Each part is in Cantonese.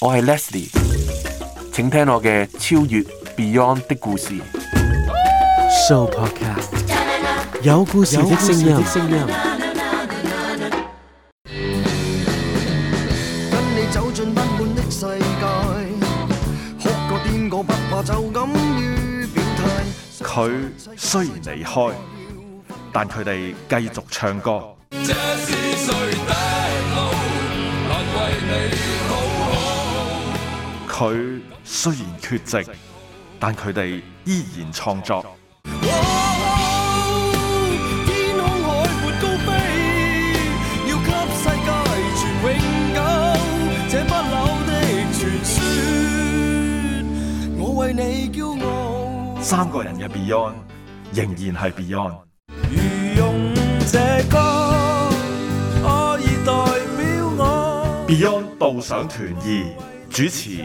我係 Leslie，請聽我嘅超越 Beyond 的故事。Show podcast 有故事的聲音。跟你走進不滿的世界，哭過癲過不怕就敢於表態。佢雖然離開，但佢哋繼續唱歌。佢雖然缺席，但佢哋依然創作。三個人嘅 Beyond 仍然係 Beyond。Beyond 導賞團二主持。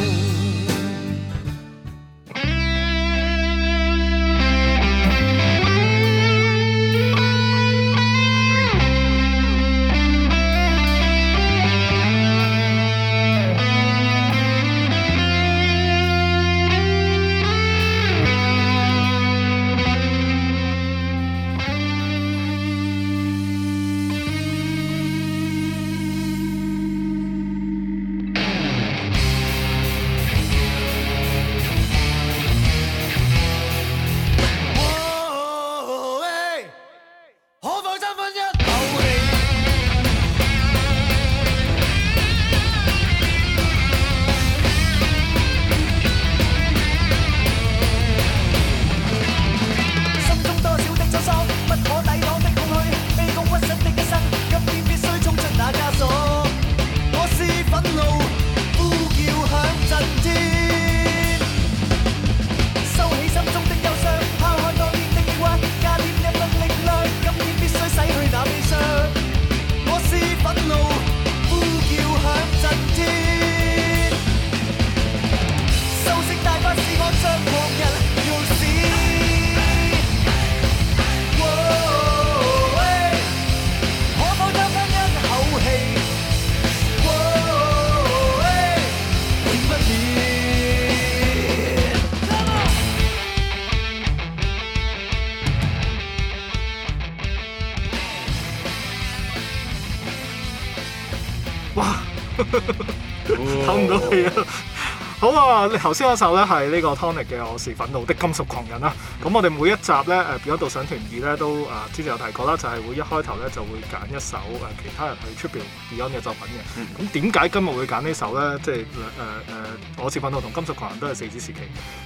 啊！你頭先嗰首咧係呢個 Tonic 嘅《我是憤怒的金屬狂人》啦。咁、嗯、我哋每一集咧，誒、啊、Beyond 上團二咧都啊之前有提過啦，就係、是、會一開頭咧就會揀一首誒、啊、其他人去 tribute Beyond 嘅作品嘅。咁點解今日會揀呢首咧？即係誒誒，呃呃《我是憤怒》同《金屬狂人》都係四子時期，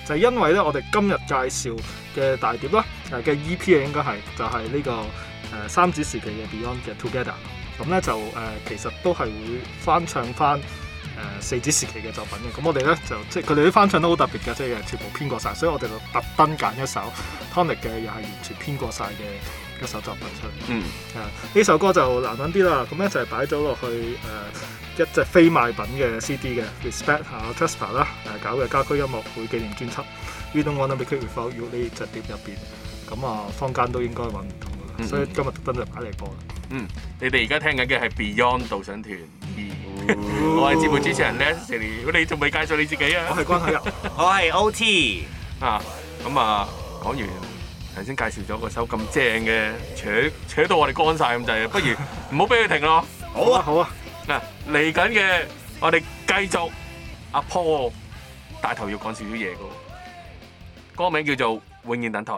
就係、是、因為咧我哋今日介紹嘅大碟啦，誒、啊、嘅 EP 啊應該係就係、是、呢、這個誒、呃、三子時期嘅 Beyond 嘅《Together、嗯》。咁咧就誒其實都係會翻唱返。誒、uh, 四子時期嘅作品嘅，咁、嗯、我哋咧就即係佢哋啲翻唱都好特別嘅，即係全部編過晒。所以我哋就特登揀一首 Tonic 嘅，又係 完全編過晒嘅一首作品出嚟、嗯 uh,。嗯，啊呢首歌就難揾啲啦，咁咧就係擺咗落去誒一隻非賣品嘅 CD 嘅 Respect、uh, a, 啊 Tristar 啦，誒搞嘅家居音樂會紀念專輯，We Don't Wanna Make It Without You 呢隻碟入邊，咁、嗯、啊 坊間都應該揾唔到嘅，所以今日特登就擺嚟播啦。嗯，你哋而家聽緊嘅係 Beyond 導賞團，哦、 我係節目主持人 Leslie，你仲未介紹你自己啊？我關係關海月， 我係 OT 啊。咁、嗯、啊，講完頭先介紹咗個首咁正嘅，扯扯到我哋乾晒咁滯啊！ 不如唔 好俾佢停咯。好啊，好啊。嗱、啊，嚟緊嘅，我哋繼，繼續。阿、啊、Paul 大頭要講少少嘢嘅，歌名叫做《永遠等待》。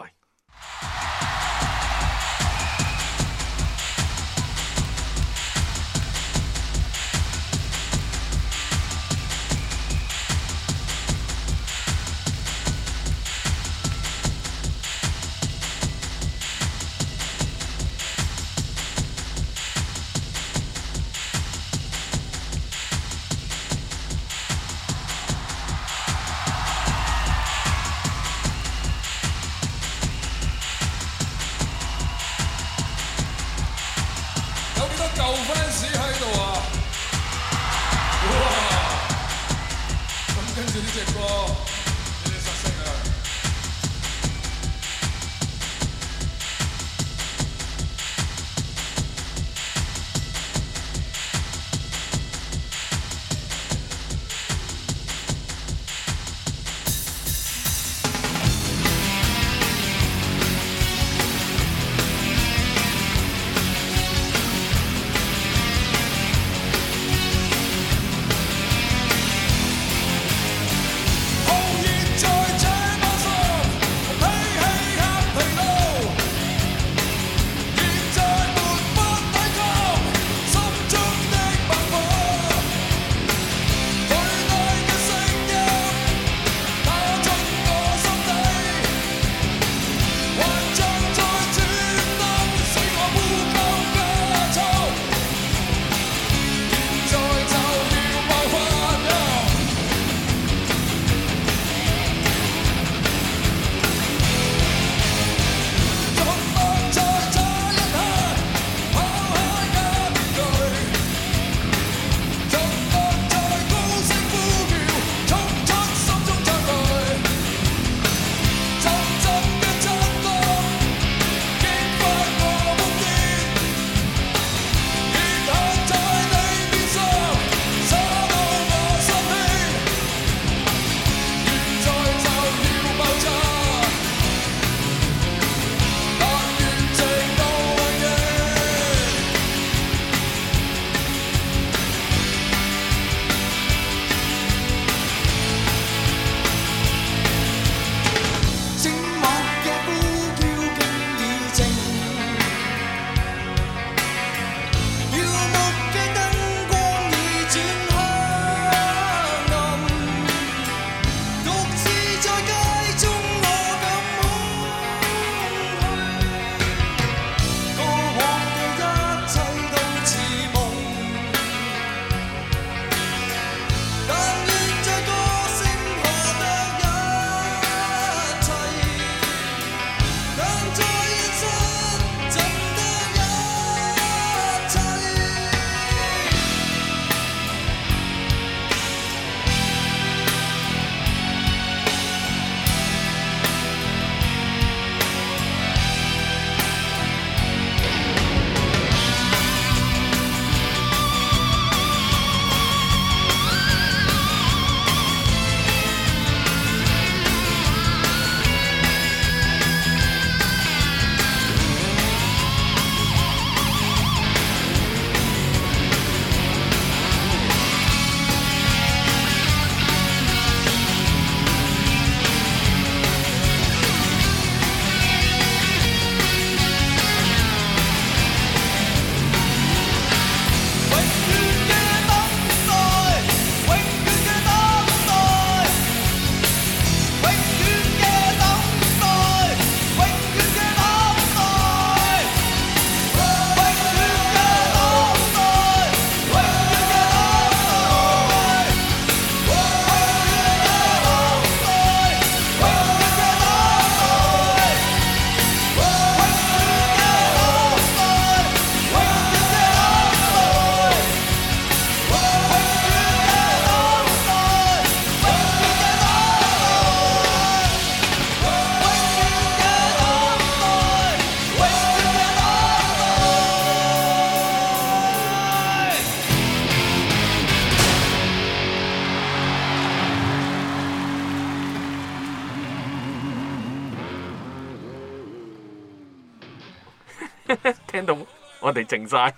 聽到，我哋靜晒。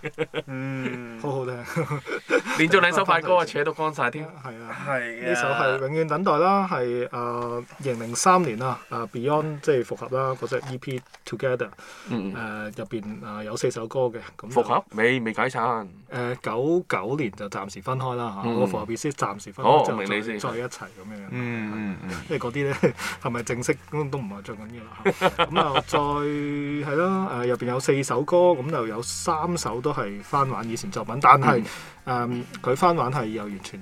好好聽，連續兩首快歌啊，扯到乾晒添。係啊，呢首係永遠等待啦，係誒二零零三年啊，Beyond 即係復合啦嗰隻 EP Together 誒入邊誒有四首歌嘅。咁復合未未解散？誒九九年就暫時分開啦嚇，個復合變先暫時分，之後再一齊咁樣。嗯，即係嗰啲咧係咪正式都都唔係最緊要啦？咁啊再係咯，誒入邊有四首歌，咁又有三首都係翻玩以前集。但係誒，佢、嗯嗯、翻玩係又完全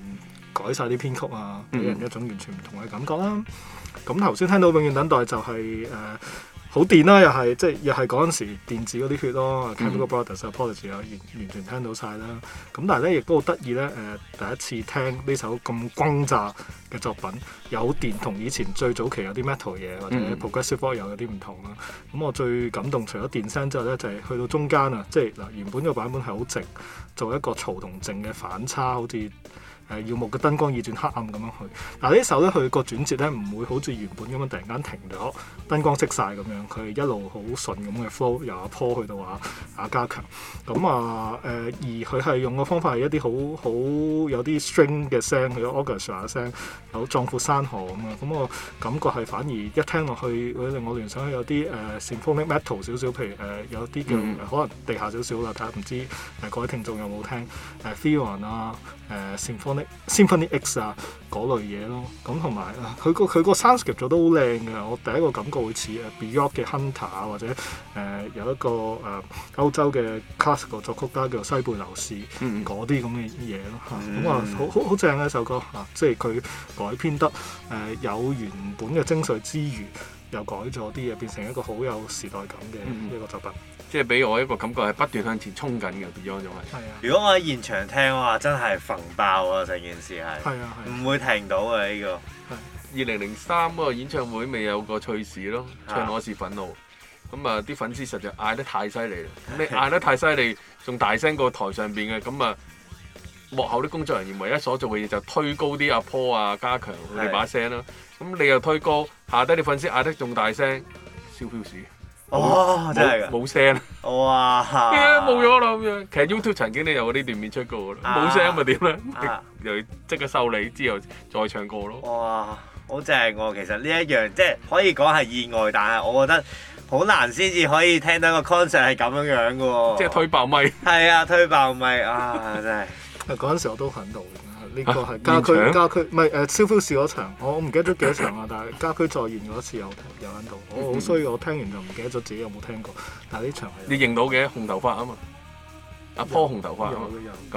改晒啲編曲啊，俾人、嗯、一種完全唔同嘅感覺啦、啊。咁頭先聽到永遠、就是《永遠等待》就係誒好電啦、啊，又係即係又係嗰陣時電子嗰啲血咯、啊。Chemical Brothers Apology、Apology 完全聽到晒啦。咁但係咧亦都好得意咧，誒、呃、第一次聽呢首咁轟炸嘅作品，又好電同以前最早期有啲 Metal 嘢或者 Progressive Rock 又有啲唔同啦、啊。咁、嗯、我最感動除咗電聲之外咧，就係、是、去到中間啊，即係嗱原本個版本係好直。做一個嘈同靜嘅反差，好似，耀目嘅燈光，轉黑暗咁樣去。嗱呢首時咧，佢個轉折咧唔會好似原本咁樣突然間停咗，燈光熄晒咁樣。佢一路好順咁嘅 flow，由阿坡去到阿阿加強。咁啊誒，而佢係用嘅方法係一啲好好有啲 string 嘅聲，佢嘅 orchestra 嘅聲，好壯闊山河咁啊。咁我感覺係反而一聽落去，會令我聯想有啲誒、呃、symphonic metal 少少，譬如誒有啲叫、嗯、可能地下少少啦，但係唔知誒各位聽眾有冇聽誒 Therion 啊？誒、呃呃、symphonic Symphony X 啊，嗰類嘢咯，咁同埋佢個佢個 Sanskrit 做得好靚嘅，我第一個感覺會似 Björk 嘅 Hunter 啊，b、Hunter，或者誒、呃、有一個誒、呃、歐洲嘅 Classical 作曲家叫西貝流士嗰啲咁嘅嘢咯，咁啊、嗯嗯嗯、好好好正咧首歌啊，即係佢改編得誒、呃、有原本嘅精髓之餘，又改咗啲嘢變成一個好有時代感嘅一個作品。嗯。即係俾我一個感覺係不斷向前衝緊嘅 Beyond 係。如果我喺現場聽嘅話，真係焚爆啊！成件事係、啊啊啊，唔會停到嘅呢個。二零零三嗰個演唱會咪有個趣事咯，唱我是憤怒，咁是啊啲粉絲實在嗌得太犀利啦。咁你嗌得太犀利，仲大聲過台上邊嘅，咁啊幕後啲工作人員唯一所做嘅嘢就推高啲阿 Paul 啊，加強佢哋把聲咯。咁是、啊、你又推高，下低啲粉絲嗌得仲大聲，燒票市。哇！真係冇聲，哇，冇咗啦咁樣。其實 YouTube 曾經都有啲段片出過嘅，冇聲咪點咧？又即、啊、 刻修理之後再唱歌咯。哇！好正喎，其實呢一樣即係可以講係意外，但係我覺得好難先至可以聽到個 concert 係咁樣嘅喎。即係推爆咪。係啊，推爆咪啊！真係嗰陣時我都肯到呢個係家駒，家駒唔係誒，蕭夫笑咗場，我唔記得咗幾多場啊，但係家駒再現嗰次又有喺度，我好衰，我聽完就唔記得咗自己有冇聽過，但係呢場你認到嘅紅頭髮啊嘛，阿波紅頭髮，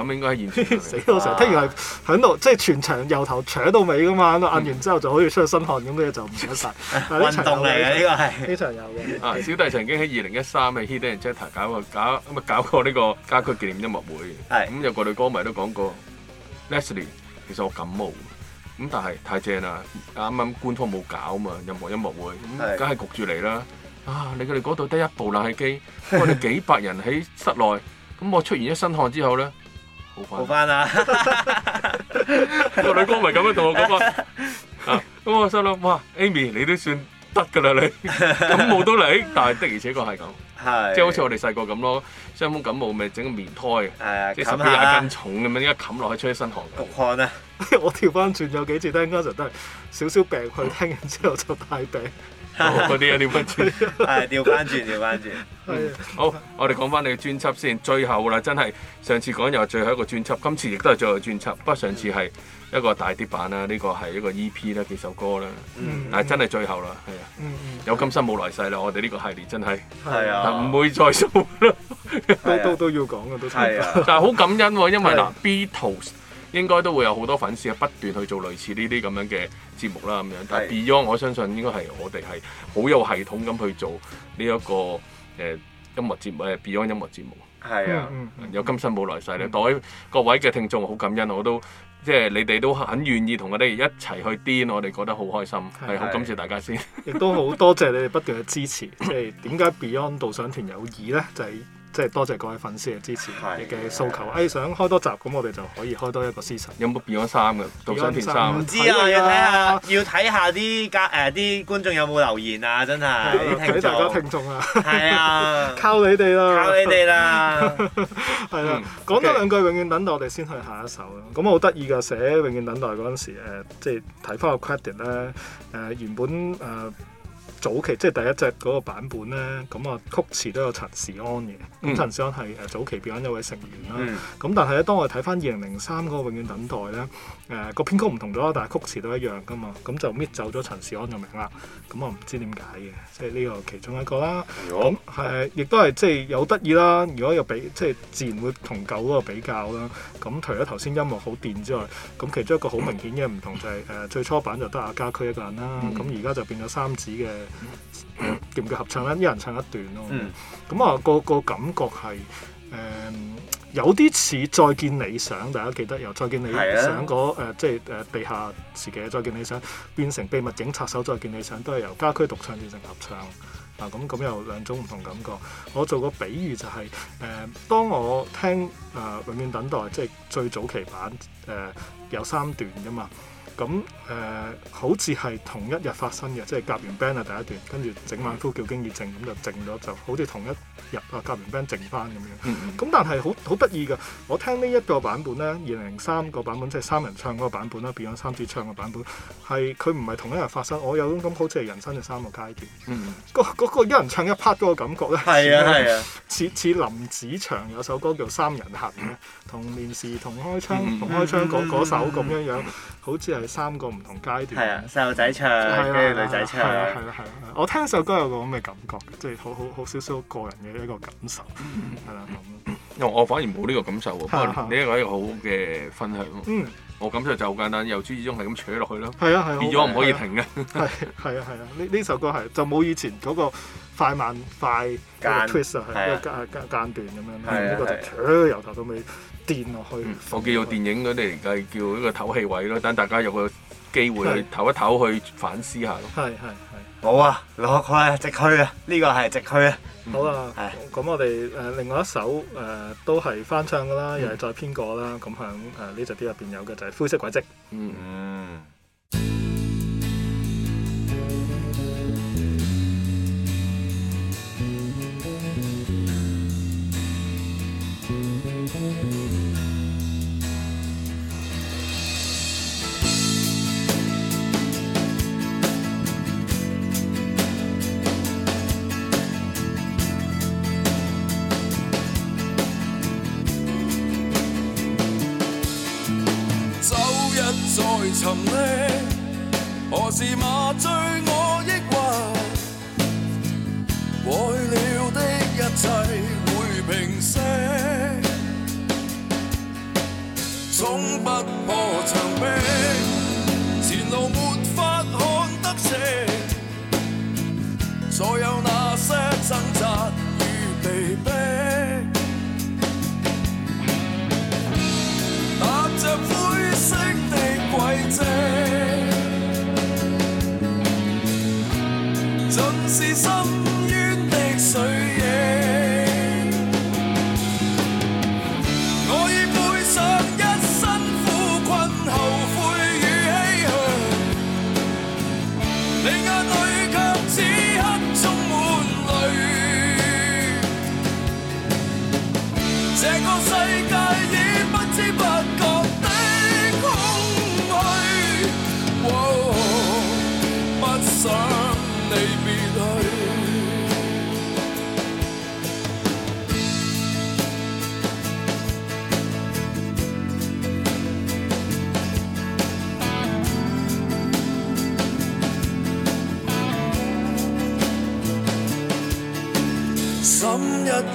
咁應該係現場死多場，聽完係喺度即係全場由頭扯到尾噶嘛，喺度摁完之後就好似出咗身汗咁嘅嘢就唔得曬，運動嚟嘅，呢個係呢場有嘅。小弟曾經喺二零一三係 Heather Jeter 搞個搞咁啊搞過呢個家駒紀念音樂會，係咁有個女歌迷都講過。Leslie，其實我感冒，咁但係太正啦，啱啱官方冇搞嘛，任何音樂會，咁梗係焗住嚟啦。啊，你佢哋嗰度得一部冷氣機，我哋幾百人喺室內，咁我出完一身汗之後咧，好翻，好翻啊！個女歌迷咁樣同我講啊，咁我心諗，哇，Amy 你都算得噶啦你，感冒都嚟，但係的而且確係咁。即係、 就是、好似我哋細個咁咯，傷風感冒咪整個棉胎，即係十幾廿斤重咁樣，一家冚落去出一身汗焗汗啊！啊 我調翻轉有幾次應該都係，啱啱都係少少病，佢聽完之後就大病。嗰啲、 哦、 啊，調翻轉係調翻轉，調翻轉、 嗯。好，我哋講翻你嘅專輯先，最後啦，真係上次講又係最後一個專輯，今次亦都係最後專輯，不過上次係、嗯。一個大碟版啦，呢個係一個 EP 啦，幾首歌啦。但係真係最後啦，係啊。有今生冇來世啦，我哋呢個系列真係。係啊。唔會再做啦。都都都要講嘅都差唔多。但係好感恩喎，因為嗱 Beatles 應該都會有好多粉絲不斷去做類似呢啲咁樣嘅節目啦，咁樣。但係 Beyond 我相信應該係我哋係好有系統咁去做呢一個誒音樂節目 Beyond 音樂節目。係啊。有今生冇來世咧，各位各位嘅聽眾好感恩我都。即係你哋都很願意同我哋一齊去癲，我哋覺得好開心，係的好感謝的大家先， 亦都好多謝你哋不斷嘅支持。 即係點解 Beyond 導賞團有意咧？就係、是。即係多謝各位粉絲嘅支持，你嘅訴求，誒想開多集，咁我哋就可以開多一個 season。有冇變咗衫㗎？換咗片衫？唔知啊，要睇下，要睇下啲家誒啲觀眾有冇留言啊！真係大家聽眾啊，係啊，靠你哋啦，靠你哋啦，係啊，講多兩句，永遠等待，我哋先去下一首咯。咁我好得意㗎，寫永遠等待嗰陣時，誒即係睇翻個 credit 咧，誒原本誒。.早期即係第一隻嗰個版本咧，咁啊曲詞都有陳時安嘅，咁、嗯、陳時安係誒早期 Beyond 一位成員啦。咁、嗯、但係咧，當我睇翻二零零三嗰個《永遠等待》咧、呃，誒個編曲唔同咗，但係曲詞都一樣㗎嘛，咁、嗯、就搣走咗陳時安嘅名啦。咁我唔知點解嘅，即係呢個其中一個啦。咁係亦都係即係有得意啦。如果有比即係自然會同舊嗰個比較啦。咁除咗頭先音樂好電之外，咁其中一個好明顯嘅唔同就係、是、誒、呃、最初版就得阿家駒一個人啦。咁而家就變咗三子嘅。叫唔叫合唱咧？一人唱一段咯。咁啊、嗯，嗰個、嗰個感覺係誒、呃，有啲似《再見理想》，大家記得由《再見理想》的呃呃、嗰誒，即係誒地下時期嘅《再見理想》，變成《秘密警察首再見理想》，都係由家駒獨唱變成合唱。嗱、啊，咁咁有兩種唔同感覺。我做個比喻就係、是、誒、呃，當我聽誒、呃《永遠等待》，即係最早期版誒、呃，有三段噶嘛。咁誒、呃、好似係同一日發生嘅，即係夾完 band 啊第一段，跟住整晚呼叫經已靜，咁、嗯、就靜咗，就好似同一日啊夾完 band 靜翻咁樣。咁、嗯、但係好好得意嘅，我聽呢一個版本呢，二零零三個版本，即係三人唱嗰個版本啦，Beyond 三子唱嘅版本係，佢唔係同一日發生。我有種咁好似係人生嘅三個階段。嗯。嗰、嗰個一人唱一 part 嗰個感覺呢，係啊係啊，似似林子祥有首歌叫《三人行》呢，童年時同開窗同開窗嗰 首咁樣樣，好似係。三個唔同階段。係啊，細路仔唱，女仔唱。係啦，係啦，係啦。我聽首歌有個咁嘅感覺，即係好好好少少個人嘅一個感受。係啦，咁。因為我反而冇呢個感受喎，不過呢一個好嘅分享。我感受就好簡單，由始至終係咁扯落去咯。係啊，係。變咗我唔可以停嘅。係，啊，係啊。呢呢首歌係就冇以前嗰個快慢快間 twist 啊，係一個間段咁樣。呢個就扯由頭到尾。演落去，嗯、去我叫做電影嗰啲嚟計，叫一個唞氣位咯。等大家有個機會去唞一唞，係去反思下咯。係係係。好啊，落係去、啊、直去啊！呢、呢個係直去啊。好啊，咁係我哋誒、呃、另外一首誒、呃、都係翻唱噶啦，又係再編過啦。咁喺誒呢隻碟入邊有嘅就係灰色軌跡。嗯。嗯衝不破牆壁，前路沒法看得清，所 有樂。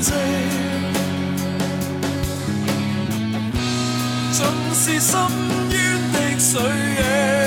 盡是深淵的水影。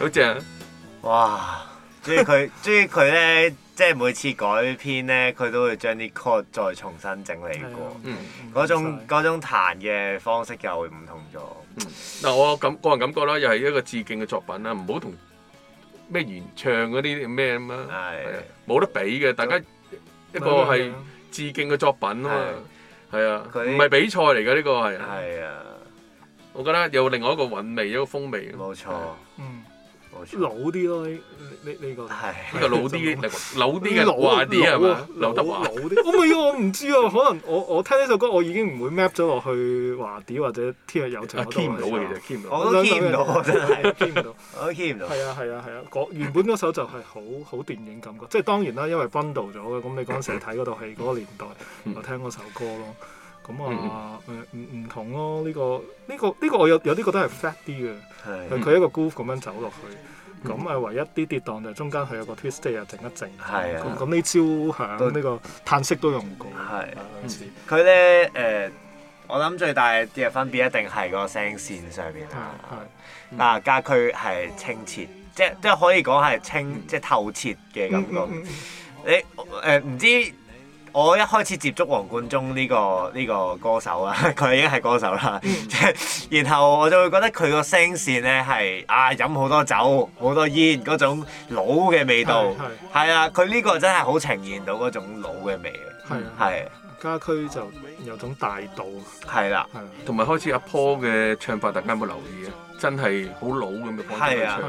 好正！啊、哇！中意佢，中意佢咧，即係每次改編咧，佢都會將啲歌再重新整理過。的嗯，嗰種彈嘅方式又會唔同咗。嗯，嗱，我感個人感覺啦，又係一個致敬嘅作品啦，唔好同咩原唱嗰啲咩咁啊。冇得比嘅，大家一個係致敬嘅作品啊嘛。係啊，唔係比賽嚟嘅呢個係。係啊，我覺得有另外一個韻味，一個風味。冇錯。嗯老啲咯，你你你個呢個老啲，老啲嘅華啲係咪啊？劉德華。我唔係啊，我唔知啊，可能我我聽呢首歌，我已經唔會 map 咗落去華啲或者天若有情。我都聽唔到嘅，其實。我都聽唔到，真係聽唔到，我都聽唔到。係啊係啊係啊！原本嗰首就係好好電影感覺，即係當然啦，因為分道咗嘅。咁你嗰陣時睇嗰套戲嗰個年代，我聽嗰首歌咯。咁啊誒唔唔同咯，呢個呢個呢個我有啲覺得係 fat 啲嘅，佢一個 groove 咁樣走落去。咁啊，嗯、唯一啲跌宕就中間佢有個 twist day 一整。係是啊。咁呢招響呢個嘆息都用過。係。佢咧誒，我諗最大嘅分別一定係個聲線上面，啦。啊，家駒係清澈，即即可以講係清，嗯、即透徹嘅感覺。你誒唔、呃、知？我一開始接觸黃貫中呢、呢個呢、呢個歌手啦，佢 已經係歌手啦， 然後我就會覺得佢個聲線呢，係啊，飲好多酒好多煙嗰種老嘅味道，係啊，佢呢個真係好呈現到嗰種老嘅味嘅，係對。家駒就有種大道，係啦是的，係同埋開始阿 Paul 嘅唱法，大家有冇留意啊？真係好老咁嘅 Paul 嘅唱，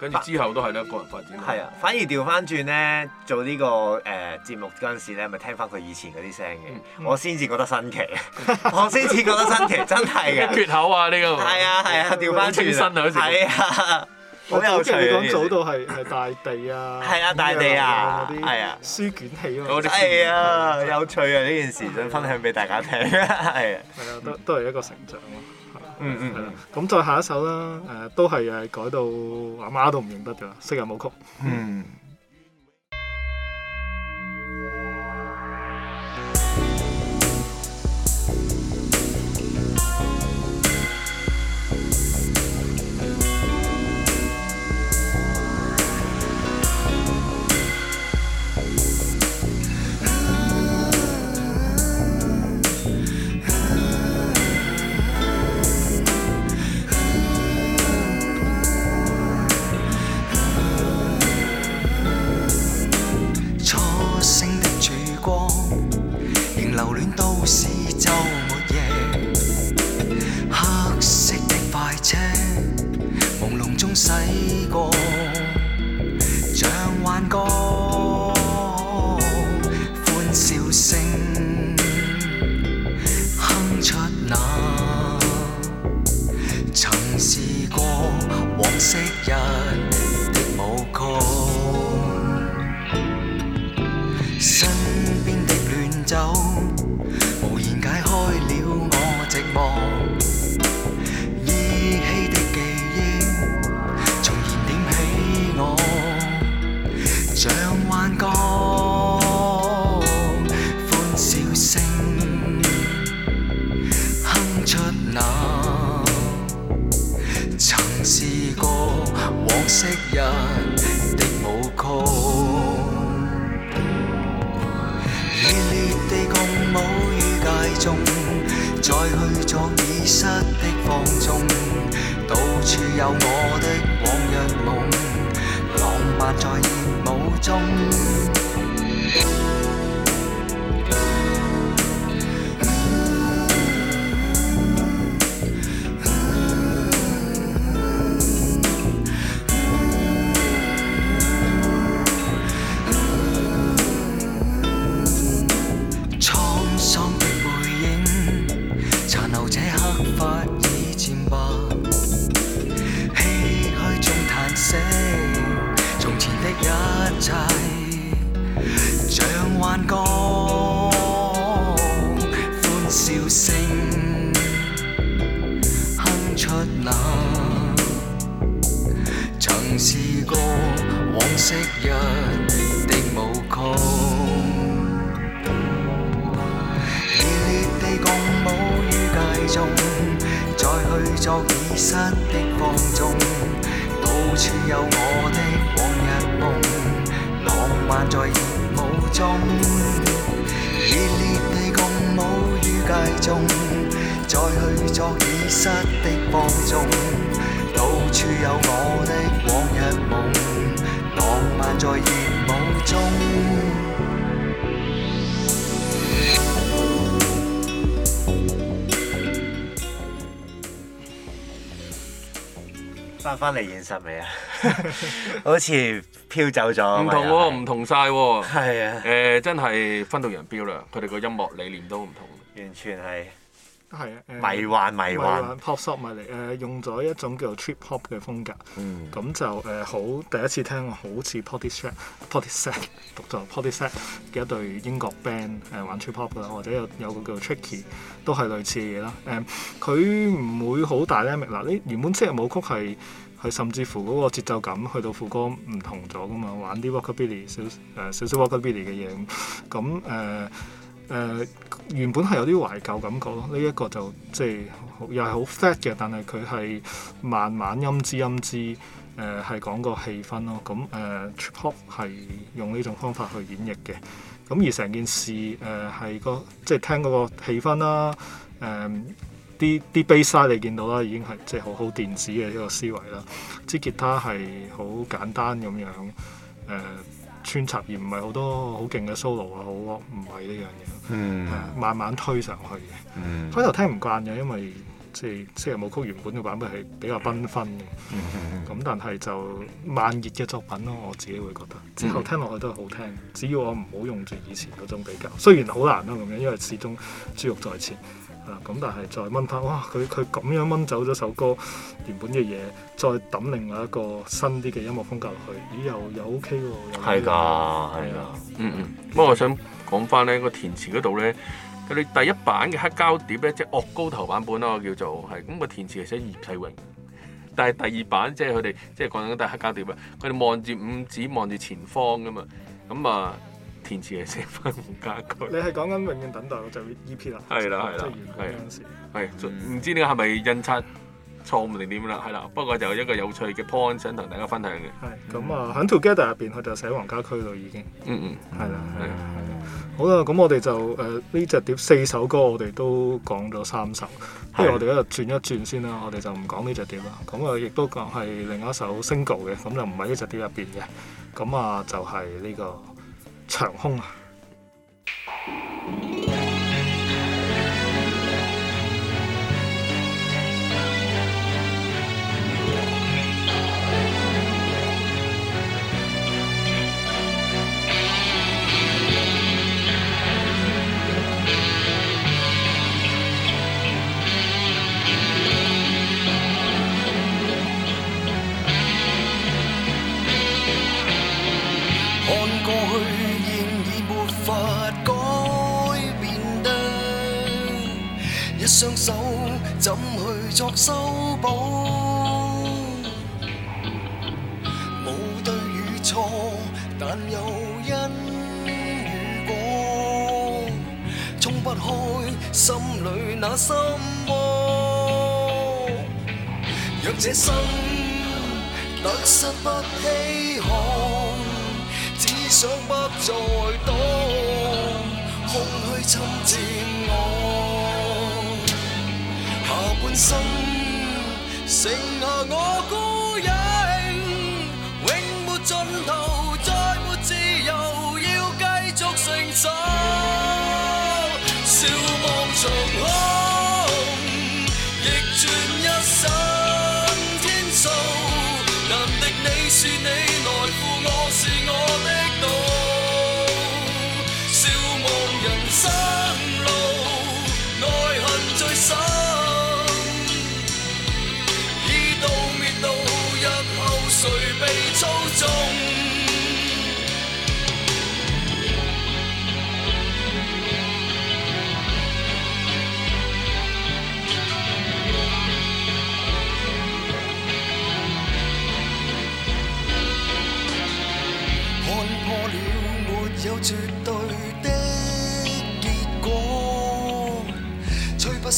跟住的之後都係啦，個人發展。係啊，反而調翻轉咧，做呢、這個誒、呃、節目嗰陣時咧，咪聽翻佢以前嗰啲聲嘅，嗯、我先至覺得新奇， 我先至覺得新奇，真係嘅。一缺 口啊！呢、這個係啊係啊，調翻轉身啊，好似的。 好有趣，講 早到係係大地啊，係 啊大地啊，係 啊，書卷氣 啊，係 啊，有趣啊呢件事、 啊、想分享俾大家聽，係 係啊， 都都係一個成長咯，嗯嗯，咁再下一首啦，誒都係係改到阿媽，媽都唔認得噶啦，昔日舞曲，嗯。 有我的往日夢，浪漫在熱舞中。 翻嚟現實未 啊？好似飄走咗，唔同喎，唔同晒喎。係啊。誒、啊呃，真係分道揚鑣啦。佢哋個音樂理念都唔同，完全係。係啊。迷幻迷幻。Pop Shop 咪嚟誒？用咗一種叫做 trip hop 嘅風格。嗯。咁就誒，好第一次聽，好似 Portishead，Portishead 讀作 Portishead 嘅一對英國 band 誒，玩 trip hop 啦，或者有有個叫 Tricky，都係類似嘅嘢啦。誒、嗯，佢唔會好大量。嗱，你原本即係舞曲係。佢甚至乎嗰個節奏感去到副歌唔同咗㗎嘛，玩啲 walkabilly 少誒少少 walkabilly 嘅嘢咁，咁誒、呃呃、原本係有啲懷舊感覺咯，呢、這、一個就即係又係好 fat 嘅，但係佢係慢慢音之音之誒係講個氣氛咯，咁誒、呃、Trip Hop 係用呢種方法去演繹嘅，咁而成件事誒係、呃、個即係聽嗰個氣氛啦，誒、呃。啲啲 basic 你見到啦，已經係即係好好電子嘅一個思維啦。支吉他係好簡單咁樣誒穿插而很很 olo，而唔係好多好勁嘅 solo 啊，好唔係呢樣嘢。嗯、呃，慢慢推上去嘅、嗯嗯。嗯，開頭聽唔慣嘅，因為即係《千人舞曲》原本嘅版本係比較繽紛嘅。嗯嗯嗯。咁但係就慢熱嘅作品咯，我自己會覺得之後、嗯、聽落去都係好聽。只要我唔好用住以前嗰種比較，雖然好難啦咁樣，因為始終珠玉在前。咁，但係再掹翻，哇！佢佢咁樣掹走咗首歌原本嘅嘢，再揼另外一個新啲嘅音樂風格落去，咦、OK？又又 OK 喎。係㗎，係啊。嗯嗯。不過我想講翻咧個填詞嗰度咧，佢哋第一版嘅黑膠碟咧，即係惡高頭版本啦、啊，我叫做係咁、咁個填詞係寫葉世榮，但係第二版即係佢哋即係講緊嗰啲黑膠碟啊，佢哋望住五指望住前方㗎嘛，咁啊。填詞係寫翻黃家駒區，你係講緊永遠等待我就 E P 啦，係啦係啦，係唔知你解係咪印刷錯誤定點啦？係啦，不過就有一個有趣嘅 point 想同大家分享嘅。係咁啊，喺 Together 入邊佢就寫黃家駒咯，已經。嗯嗯，係啦係啦係啦。的好啦，咁我哋就誒呢隻碟四首歌我哋都講咗三首，不如我哋一日轉一轉先啦。我哋就唔講呢隻碟啦。咁啊，亦都係另一首 single 嘅，咁就唔係呢隻碟入邊嘅。咁啊，就係呢個。長空啊！看過去，法改變的，一雙手怎去作修補？ 無對與錯，但有因與果， 衝不開心裏那心魔。若 這生得失不稀罕。想不再躲，空虛侵占我，下半生剩下我孤。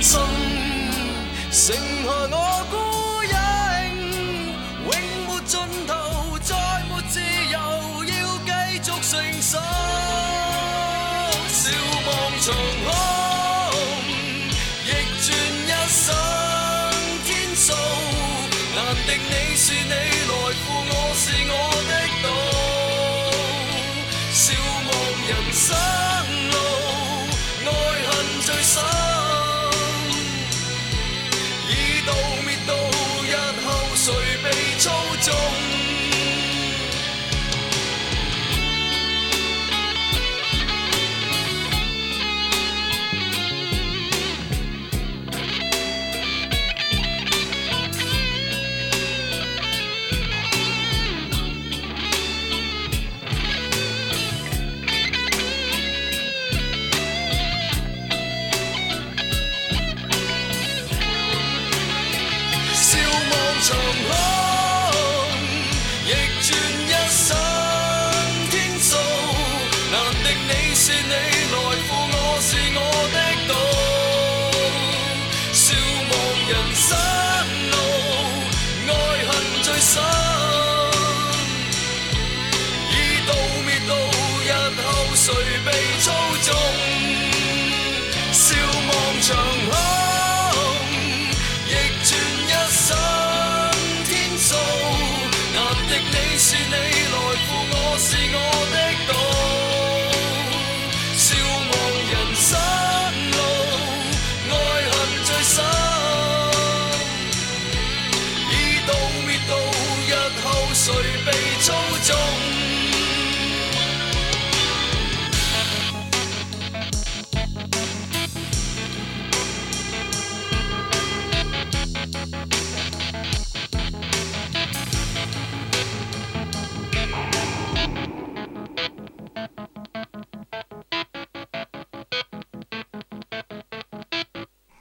剩下我。孤單。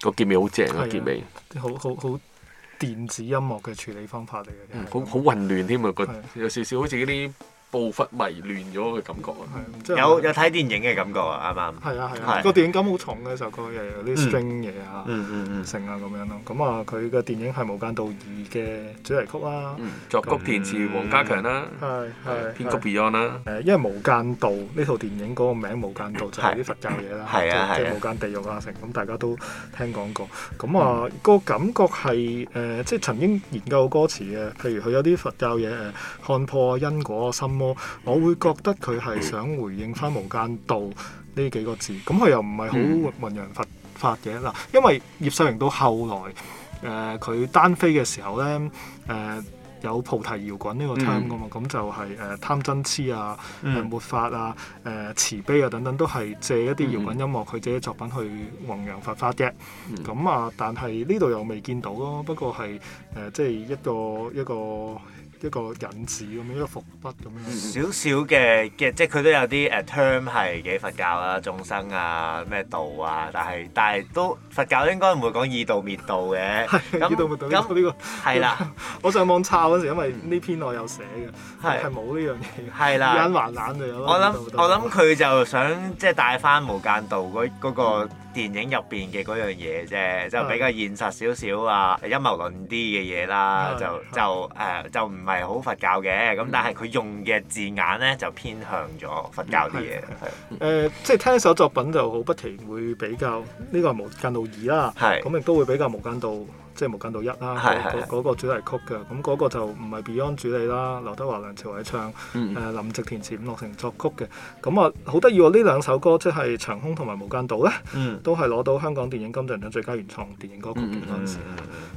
個結尾好正啊！個結尾好好好電子音樂嘅處理方法嚟嘅，嗯，好好混亂添啊！個有少少好似嗰啲，步伐迷亂咗嘅感覺啊，有有睇電影嘅感覺啊啱唔啱？係啊係啊，個電影感好重嘅，就講又有啲 string 嘢啊，成啊咁樣咯。咁啊，佢嘅電影係《無間道二》嘅主題曲啦，作曲填詞黃家強啦，係編曲 Beyond 啦。誒，因為《無間道》呢套電影嗰個名《無間道》就係啲佛教嘢啦，即係無間地獄啊成，咁大家都聽講過。咁啊，個感覺係誒，即係曾經研究過歌詞嘅，譬如佢有啲佛教嘢誒，看破因果心。我我會覺得佢係想回應翻無間道呢幾個字，咁佢又唔係好弘揚佛法嘅嗱，因為葉世榮到後來誒佢、呃、單飛嘅時候咧，誒、呃、有菩提搖滾呢個聽㗎嘛，咁、嗯、就係、是、誒、呃、貪嗔痴啊、誒、呃、末法啊、誒、呃、慈悲啊等等，都係借一啲搖滾音樂佢自己作品去弘揚佛法嘅。咁啊、嗯呃，但係呢度又未見到咯，不過係誒即係一個一個。一個一個一個引子咁樣，一個伏筆咁樣、嗯，少少嘅嘅，即係佢都有啲誒 term 係幾佛教啦，眾生啊，咩道啊，但係但係都佛教應該唔會講二道滅道嘅，咁呢個係啦。我上網抄嗰時，因為呢篇我寫是有寫嘅，係冇呢樣嘢，眼還眼就有，我諗想我諗佢就想、嗯、即係帶翻無間道嗰嗰、嗰個。嗯電影入邊嘅嗰樣嘢啫，就比較現實少少啊，係陰謀論啲嘅嘢啦，係就就誒、呃、就唔係好佛教嘅，咁但係佢用嘅字眼咧就偏向咗佛教啲嘢，係誒即係聽一首作品就好，不停會比較呢個係《無間道二》啦，咁亦係都會比較《無間道》。即係《無間道一》啦，嗰的個主題曲嘅，咁、那、嗰個就唔係 Beyond 主理啦，劉德華、梁朝偉唱，嗯呃、林夕填詞，伍樂城作曲嘅。咁、嗯、啊，好得意喎！呢兩首歌即係《長、嗯、空》同埋、嗯《無間道》咧、嗯，都係攞到香港電影金像獎最佳原創電影歌曲嘅當時。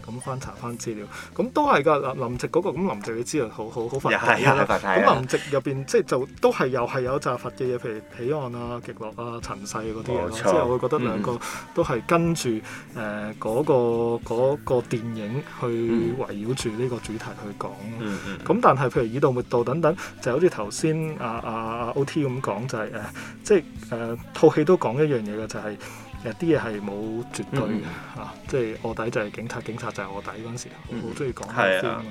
咁翻查翻資料，咁、嗯、都係㗎。林夕嗰、那個，咁林夕你資源料好好好發達啦。咁林夕入邊即係就都係又係有雜佛嘅嘢，譬如《彼岸》啊、《極樂》啊、陳《塵世錯》嗰啲嘢。之後我覺得兩個都係跟住誒嗰個嗰。那個那個個電影去圍繞住呢個主題去講，咁、嗯嗯、但係譬如以道末道等等，就好似頭先阿阿阿 OT 咁講，就係、是、誒、啊，即係誒套戲都講一樣嘢嘅，就係誒啲嘢係冇絕對嘅嚇，即係卧底就係警察，警察就係卧底嗰陣時，好中意講啱先、嗯、啊，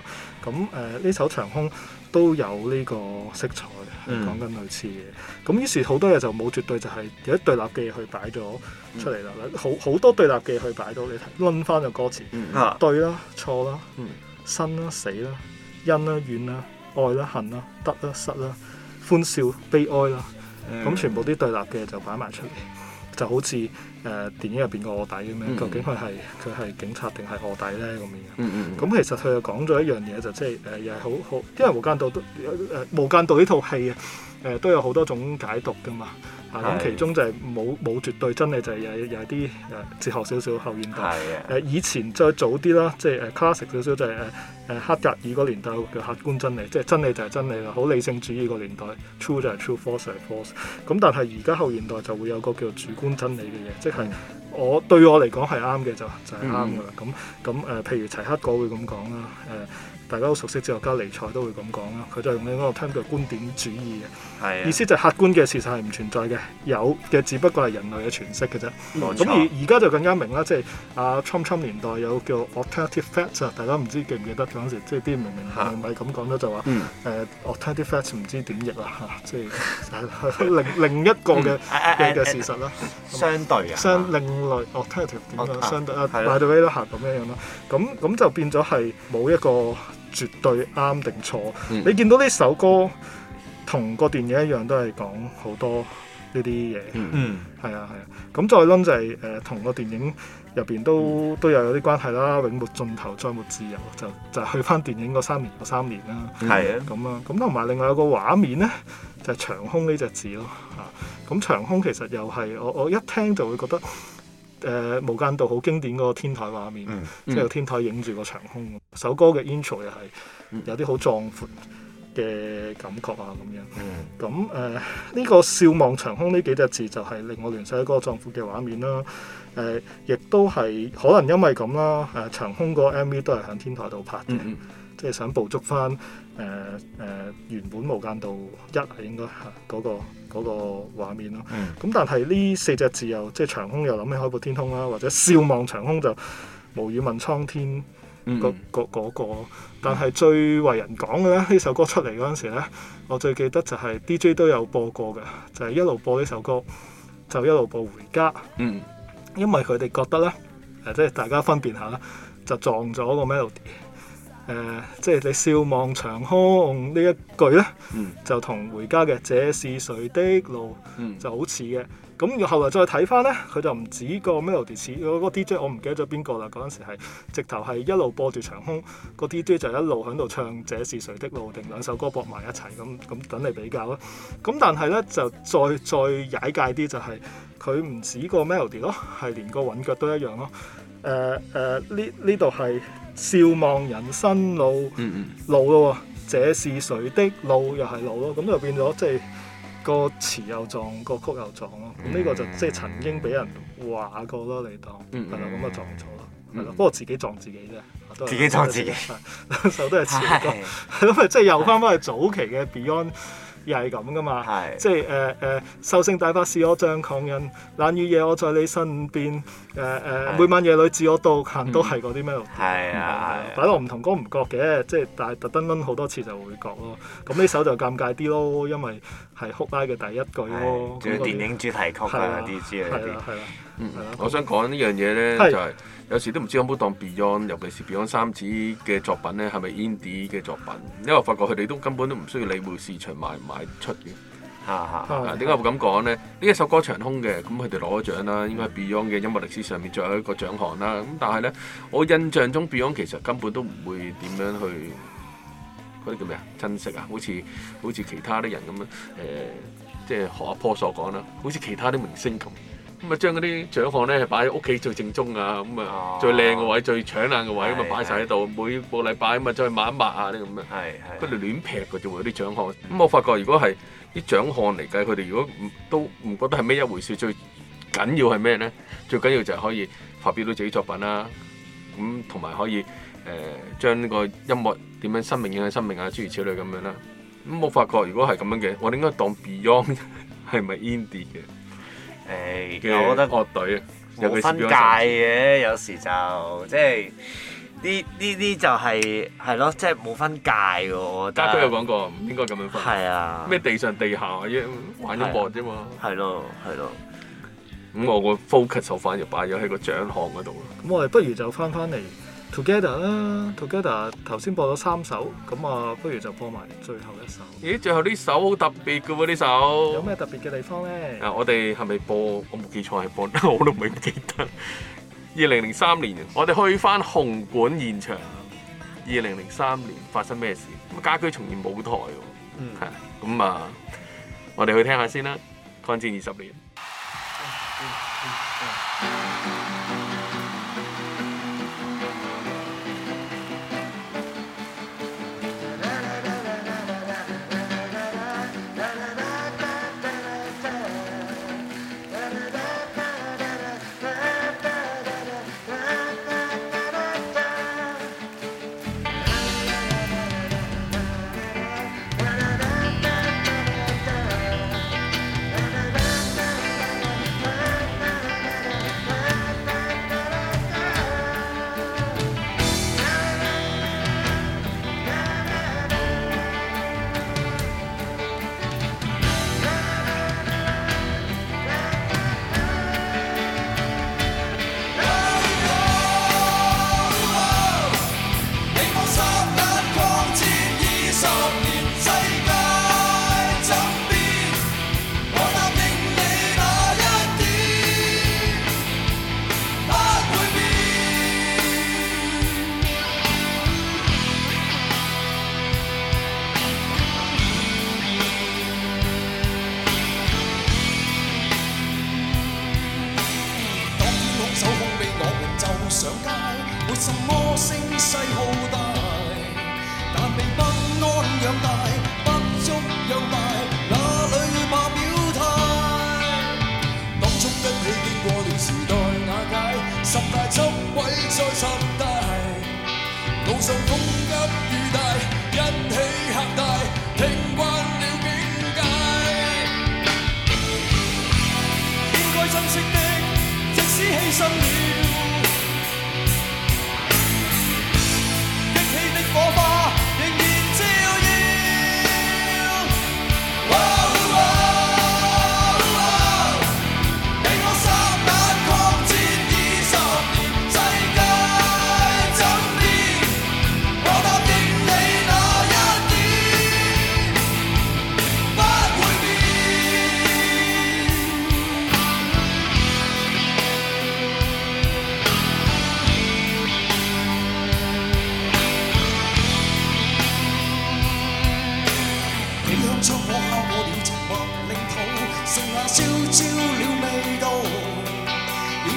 咁誒呢首長空都有呢個色彩。講緊類似嘅，咁於是好多嘢就冇絕對，就係、是、有一對立嘅嘢去擺咗出嚟啦。嗯、好好多對立嘅嘢去擺到，你睇，攆翻個歌詞，嗯、對啦、錯啦、生啦、嗯、死啦、恩啦、怨啦、愛啦、恨啦、得啦、失啦、歡笑、悲哀啦，咁、嗯、全部啲對立嘅嘢就擺埋出嚟，就好似。誒、呃、電影入邊個臥底咁樣，究竟佢係佢係警察定係臥底咧咁樣？咁、mm hmm. 其實佢又講咗一樣嘢，就即係誒又係好好，因為無、呃《無間道》都誒《無間道》呢套戲啊。誒都有好多種解讀㗎嘛，啊咁的其中就係冇冇絕對真理就，就係有係啲誒哲學少少後現代。誒的以前再早啲啦，即係誒 classic 少少就係誒誒黑格爾嗰年代叫客觀真理，即係真理就係真理啦，好理性主義個年代，true 就係 true，false 就係 false。咁但係而家後現代就會有個叫主觀真理嘅嘢，即係我對我嚟講係啱嘅就就係啱噶啦。咁咁誒，譬如齊克果會咁講啦，誒、呃。大家都熟悉哲學家尼采都會咁講啦，佢就用咗個 term 叫觀點主義嘅，意思就係客觀嘅事實係唔存在嘅，有嘅只不過係人類嘅詮釋嘅啫、嗯。咁而而家就更加明啦，即係阿 Trump 年代有叫、Sure mm hmm. alternative facts，大家唔知記唔記得嗰陣時，即係啲明明唔係咁講啦，就話誒 alternative facts 唔知點譯啦，即係另另一個嘅嘅事實啦，相對另類 anders, think, okay, 啊，相另類 alternative 相對啊 alternative facts 咁樣樣啦，咁咁就變咗係冇一個絕對啱定錯？嗯、你見到呢首歌同個電影一樣，都係講好多呢啲嘢。嗯，係啊，係啊。咁再諗就係、是、誒、呃，同個電影入邊都、嗯、都有啲關係啦。永沒盡頭，再沒自由，就就去翻電影嗰三年嗰三年啦。係啊，咁啊。咁同埋另外有個畫面呢，就係、是、長空呢隻字咯。嚇、啊，咁長空其實又係我我一聽就會覺得。誒、呃、無間道好經典嗰個天台畫面，嗯嗯、即係天台影住個長空。嗯、首歌嘅 intro 又係有啲好壯闊嘅感覺啊，咁樣。咁誒呢個笑望長空呢幾隻字就係令我聯想一個壯闊嘅畫面啦。係、呃，亦都係可能因為咁啦。誒、呃、長空個 MV 都係喺天台度拍嘅，嗯、即係想捕捉翻誒誒原本無間道一啊，應該係嗰、那個嗰個畫面咯，咁、嗯、但係呢四隻字又即係長空又諗起海闊天空啦，或者笑望長空就無語問蒼天個嗰、嗯那個，但係最為人講嘅呢，呢首歌出嚟嗰陣時呢，我最記得就係 DJ 都有播過嘅，就係、是、一路播呢首歌，就一路播回家，嗯、因為佢哋覺得呢，即係大家分辨下咧，就撞咗個 melody。誒、呃，即係你笑望長空呢一句咧，嗯、就同回家嘅這是誰的路、嗯、就好似嘅。咁後來再睇翻咧，佢就唔止個 melody，似嗰、嗰個 DJ，我唔記得咗邊個啦。嗰陣時係直頭係一路播住長空，嗰個 DJ 就一路響度唱這是誰的路，定兩首歌播埋一齊咁咁等你比較咯。咁但係咧，就再再踩界啲就係佢唔止個 melody 咯，係連個韻腳都一樣咯。誒、呃、誒，呢呢度係。笑望人生路，路咯，這是誰的路又係路咯，咁就變咗即係個詞又撞，個曲又撞咯。咁呢個就即係曾經俾人話過咯，你當係啦，咁啊撞咗啦，係啦，不過自己撞自己啫，自己撞自己，兩首都係詞歌，咁即係又翻翻去早期嘅 Beyond。又係咁噶嘛，即係誒誒，獸性大發是我張狂人，冷雨夜我在你身邊，誒誒，每晚夜裏自我獨行都係嗰啲咩？係啊，擺落唔同歌唔覺嘅，即係但係特登拎好多次就會覺咯。咁呢首就尷尬啲咯，因為係《哭拉》嘅第一句咯。仲有電影主題曲啊啲之類啲。係。我想講呢樣嘢咧就係。有時都唔知可唔可當 Beyond，尤其是 Beyond 三子嘅作品咧，係咪 Indie 嘅作品？因為我發覺佢哋都根本都唔需要理會市場賣唔賣出嘅。嚇嚇、啊，點解會咁講咧？啊啊、呢一首歌長空嘅，咁佢哋攞咗獎啦，應該係 Beyond 嘅音樂歷史上面仲有一個獎項啦。咁但係咧，我印象中 Beyond 其實根本都唔會點樣去嗰啲叫咩啊？珍惜啊，好似好似其他啲人咁啊，誒、呃，即係學阿婆所講啦，好似其他啲明星咁。咁啊，將嗰啲獎項咧，擺喺屋企最正宗啊，咁啊，最靚嘅位、最搶眼嘅位，咁啊、哦，擺晒喺度。每個禮拜咁啊，再抹一抹啊，啲咁樣。係係。佢哋亂劈嘅啫喎，啲獎項。咁、嗯、我發覺，如果係啲獎項嚟計，佢哋如果唔都唔覺得係咩一回事，最緊要係咩咧？最緊要就係可以發表到自己作品啦。咁同埋可以誒、呃，將呢個音樂點樣生命影響生命啊，諸如此類咁樣啦。咁我發覺，如果係咁樣嘅，我哋應該當 Beyond 係咪 Indie 嘅？嗯、其實我覺得樂隊冇分界嘅，啊、有時就即係呢呢啲就係係咯，即係冇、就係、分界嘅。我覺得，家姐有講過，唔應該咁樣分。係啊的，咩地上地下玩音樂啫嘛。係咯，係咯。咁、嗯、的我個 focus 就反而擺咗喺個獎項嗰度咯。咁我哋不如就翻翻嚟。Together 啦，Together，頭先播咗三首，咁啊，不如就播埋最後一首。咦、欸，最後呢首好特別嘅喎、啊，呢首。有咩特別嘅地方咧？啊，我哋係咪播？我冇記錯係播，我都唔係唔記得。二零零三年，我哋去翻紅館現場。二零零三年發生咩事？咁家居重現舞台喎。嗯。係、嗯、啊。咁、嗯、啊，我哋去聽下先啦。抗戰二十年。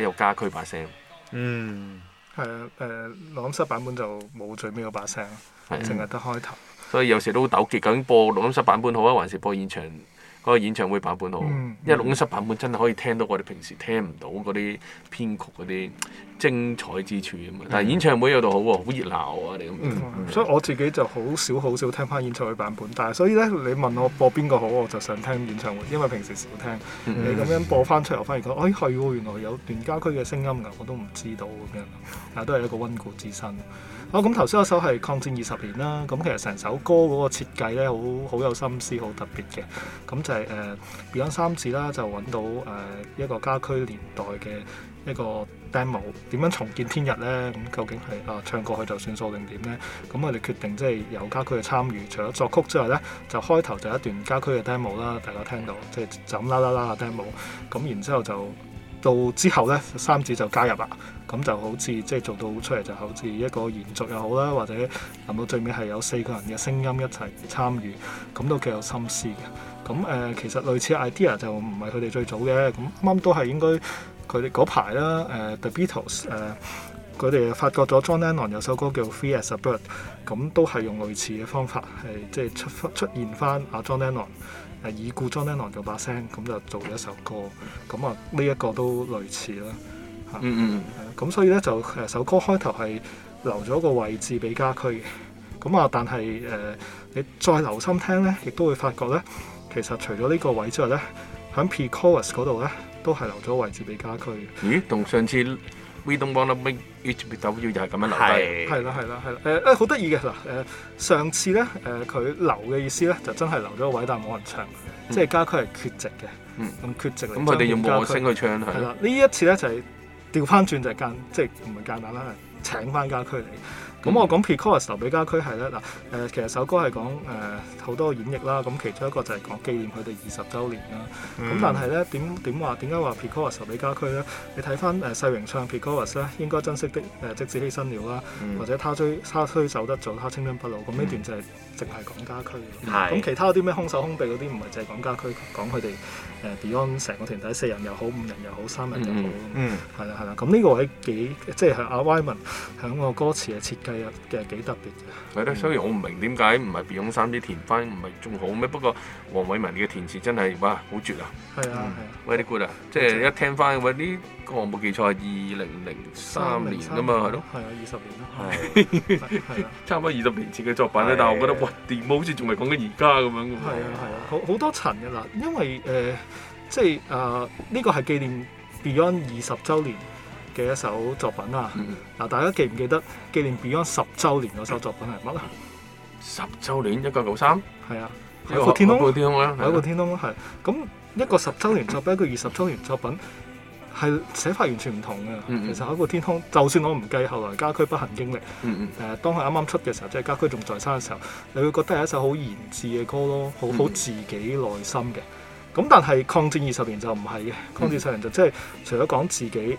有家駒把聲，嗯，係啊，誒、呃、錄音室版本就冇最尾嗰把聲，淨係的得開頭，所以有時都好糾結。究竟播錄音室版本好啊，還是播現場？嗰個演唱會版本好，嗯嗯、因為錄音室版本真係可以聽到我哋平時聽唔到嗰啲編曲嗰啲精彩之處啊嘛。嗯、但係演唱會嗰度好好熱鬧啊！你咁，嗯、是所以我自己就好少好少聽翻演唱會版本。但係所以咧，你問我播邊個好，我就想聽演唱會，因為平時少聽。嗯、你咁樣播翻出嚟，我反而覺得哎係喎，原來有段家駒嘅聲音㗎，我都唔知道咁樣，但係都係一個温故知新。好，咁頭先嗰首係抗戰二十年啦，咁其實成首歌嗰個設計咧，好好有心思，好特別嘅。咁就係、是、誒，Beyond 三子啦，就揾到誒、呃、一個家駒年代嘅一個 demo，點樣重見天日咧？咁究竟係啊唱過去就算數定點咧？咁我哋決定即係有家駒嘅參與，除咗作曲之外咧，就開頭就一段家駒嘅 demo 啦，大家聽到即係就咁啦啦啦嘅 demo，咁然之後就到之後咧，三子就加入啦。咁就好似即係做到出嚟就好似一個延續又好啦，或者諗到最尾係有四個人嘅聲音一齊參與，咁都幾有心思嘅。咁誒、呃、其實類似 idea 就唔係佢哋最早嘅，咁啱都係應該佢哋嗰排啦。誒、呃、The Beatles 誒佢哋發覺咗 John Lennon 有首歌叫 Free As A Bird，咁都係用類似嘅方法係即係出出現翻阿、啊、John Lennon 係、呃、已故 John Lennon 做把聲，咁就做咗一首歌。咁啊呢一個都類似啦。嗯嗯，咁、mm hmm. 啊、所以咧就誒、呃、首歌開頭係留咗個位置俾家居嘅，咁啊但係誒、呃、你再留心聽咧，亦都會發覺咧，其實除咗呢個位之外咧，喺 Pre-Chorus 嗰度咧都係留咗位置俾家居嘅。咦？同上次 We Don't Wanna Make It Better 咁樣留低？係啦係啦係啦，誒誒，好得意嘅，嗱、誒，上次咧，誒佢留嘅意思咧就真係留咗個位，但冇人唱，即係家居係缺席嘅。咁缺席咁佢哋用陌生去唱佢。係啦，呢 一次咧就係。調翻轉就係間，即係唔係間諜啦？請翻家駒嚟。咁我講 p i c o l a s 投俾家駒係咧嗱，誒其實首歌係講誒好、呃、多演繹啦。咁其中一個就係講紀念佢哋二十周年啦。咁、嗯、但係咧點點話？點解話 p i c o l a s 投俾家駒咧？你睇翻誒世榮唱 p i c o l a s 咧，應該珍惜的誒，即使犧牲了啦，嗯、或者他追他雖走得早，他青春不老。咁呢、嗯、段就係、是。淨係講家區，咁其他啲咩空手空臂嗰啲，唔係淨係講家區，講佢哋誒 Beyond 成個團體四人又好，五人又好，三人又好，係啦，係啦。咁呢個喺幾即係阿 Y 文響個歌詞嘅設計啊，嘅幾特別嘅。係咯，雖然我唔明點解唔係 Beyond 三啲填翻唔係仲好咩？不過黃偉文嘅填詞真係哇，好絕啊！係啊，係啊，very good 啊！即係一聽翻，喂，呢個我冇記錯係二零零三年㗎嘛，係咯，係啊，二十年啦，係啊，差唔多二十年前嘅作品咧，但我覺得電話好似仲係講緊而家咁樣㗎嘛？係啊係啊，好好多層嘅嗱，因為誒、呃，即係啊，呢、呃這個係紀念 Beyond 二十週年嘅一首作品啊！嗱、嗯，大家記唔記得紀念 Beyond 十週年嗰首作品係乜啊？十週年一九九三，係啊，海闊天空啦，海闊天空啦，係。咁一個十週年作品， 一個二十週年作品。係寫法完全唔同嘅，嗯嗯其實《一個天空》就算我唔計後來家駒不幸經歷，誒、嗯嗯呃、當佢啱啱出嘅時候，即係家駒仲在生嘅時候，你會覺得係一首好言志嘅歌咯，好好、嗯、自己內心嘅。咁但係《抗戰二十年就、就是》就唔係嘅，《抗戰十年》就即係除咗講自己誒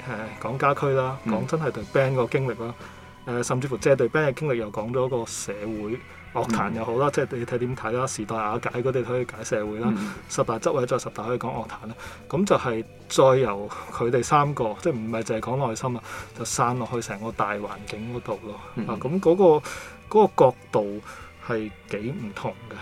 講、呃、家駒啦，講、嗯、真係對 band 個經歷啦。誒、呃、甚至乎借對 band 嘅經歷又講咗個社會樂壇又好啦，嗯、即係你睇點睇啦，時代瓦解解佢哋可以解社會啦，嗯、十大執委再十大可以講樂壇啦，咁就係再由佢哋三個即係唔係淨係講內心啊，就散落去成個大環境嗰度咯。嗯、啊，咁嗰、嗰個嗰、嗰個角度係幾唔同嘅，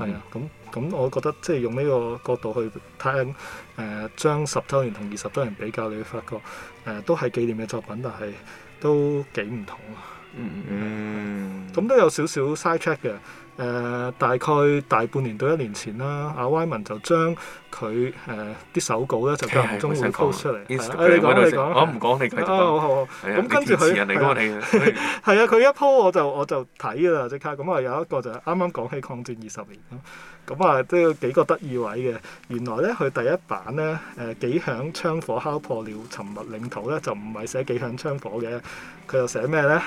係啊、嗯，咁、嗯、咁我覺得即係用呢個角度去睇，誒、呃、將十周年同二十周年比較，你會發覺誒、呃、都係紀念嘅作品，但係，都幾唔同啊！嗯，咁都有少少 side track 嘅。誒，大概大半年到一年前啦，阿 Wyman 就將佢誒啲手稿咧就間唔中會 po 出嚟。啊，你講啦，我唔講你繼續講。好好，咁跟住佢係啊，佢一 po 我就我就睇㗎喇，即刻。咁啊有一個就啱啱講起抗戰二十年咁，咁啊都有幾個得意位嘅。原來咧佢第一版咧誒幾響槍火敲破了沉默領土咧，就唔係寫幾響槍火嘅，佢又寫咩咧？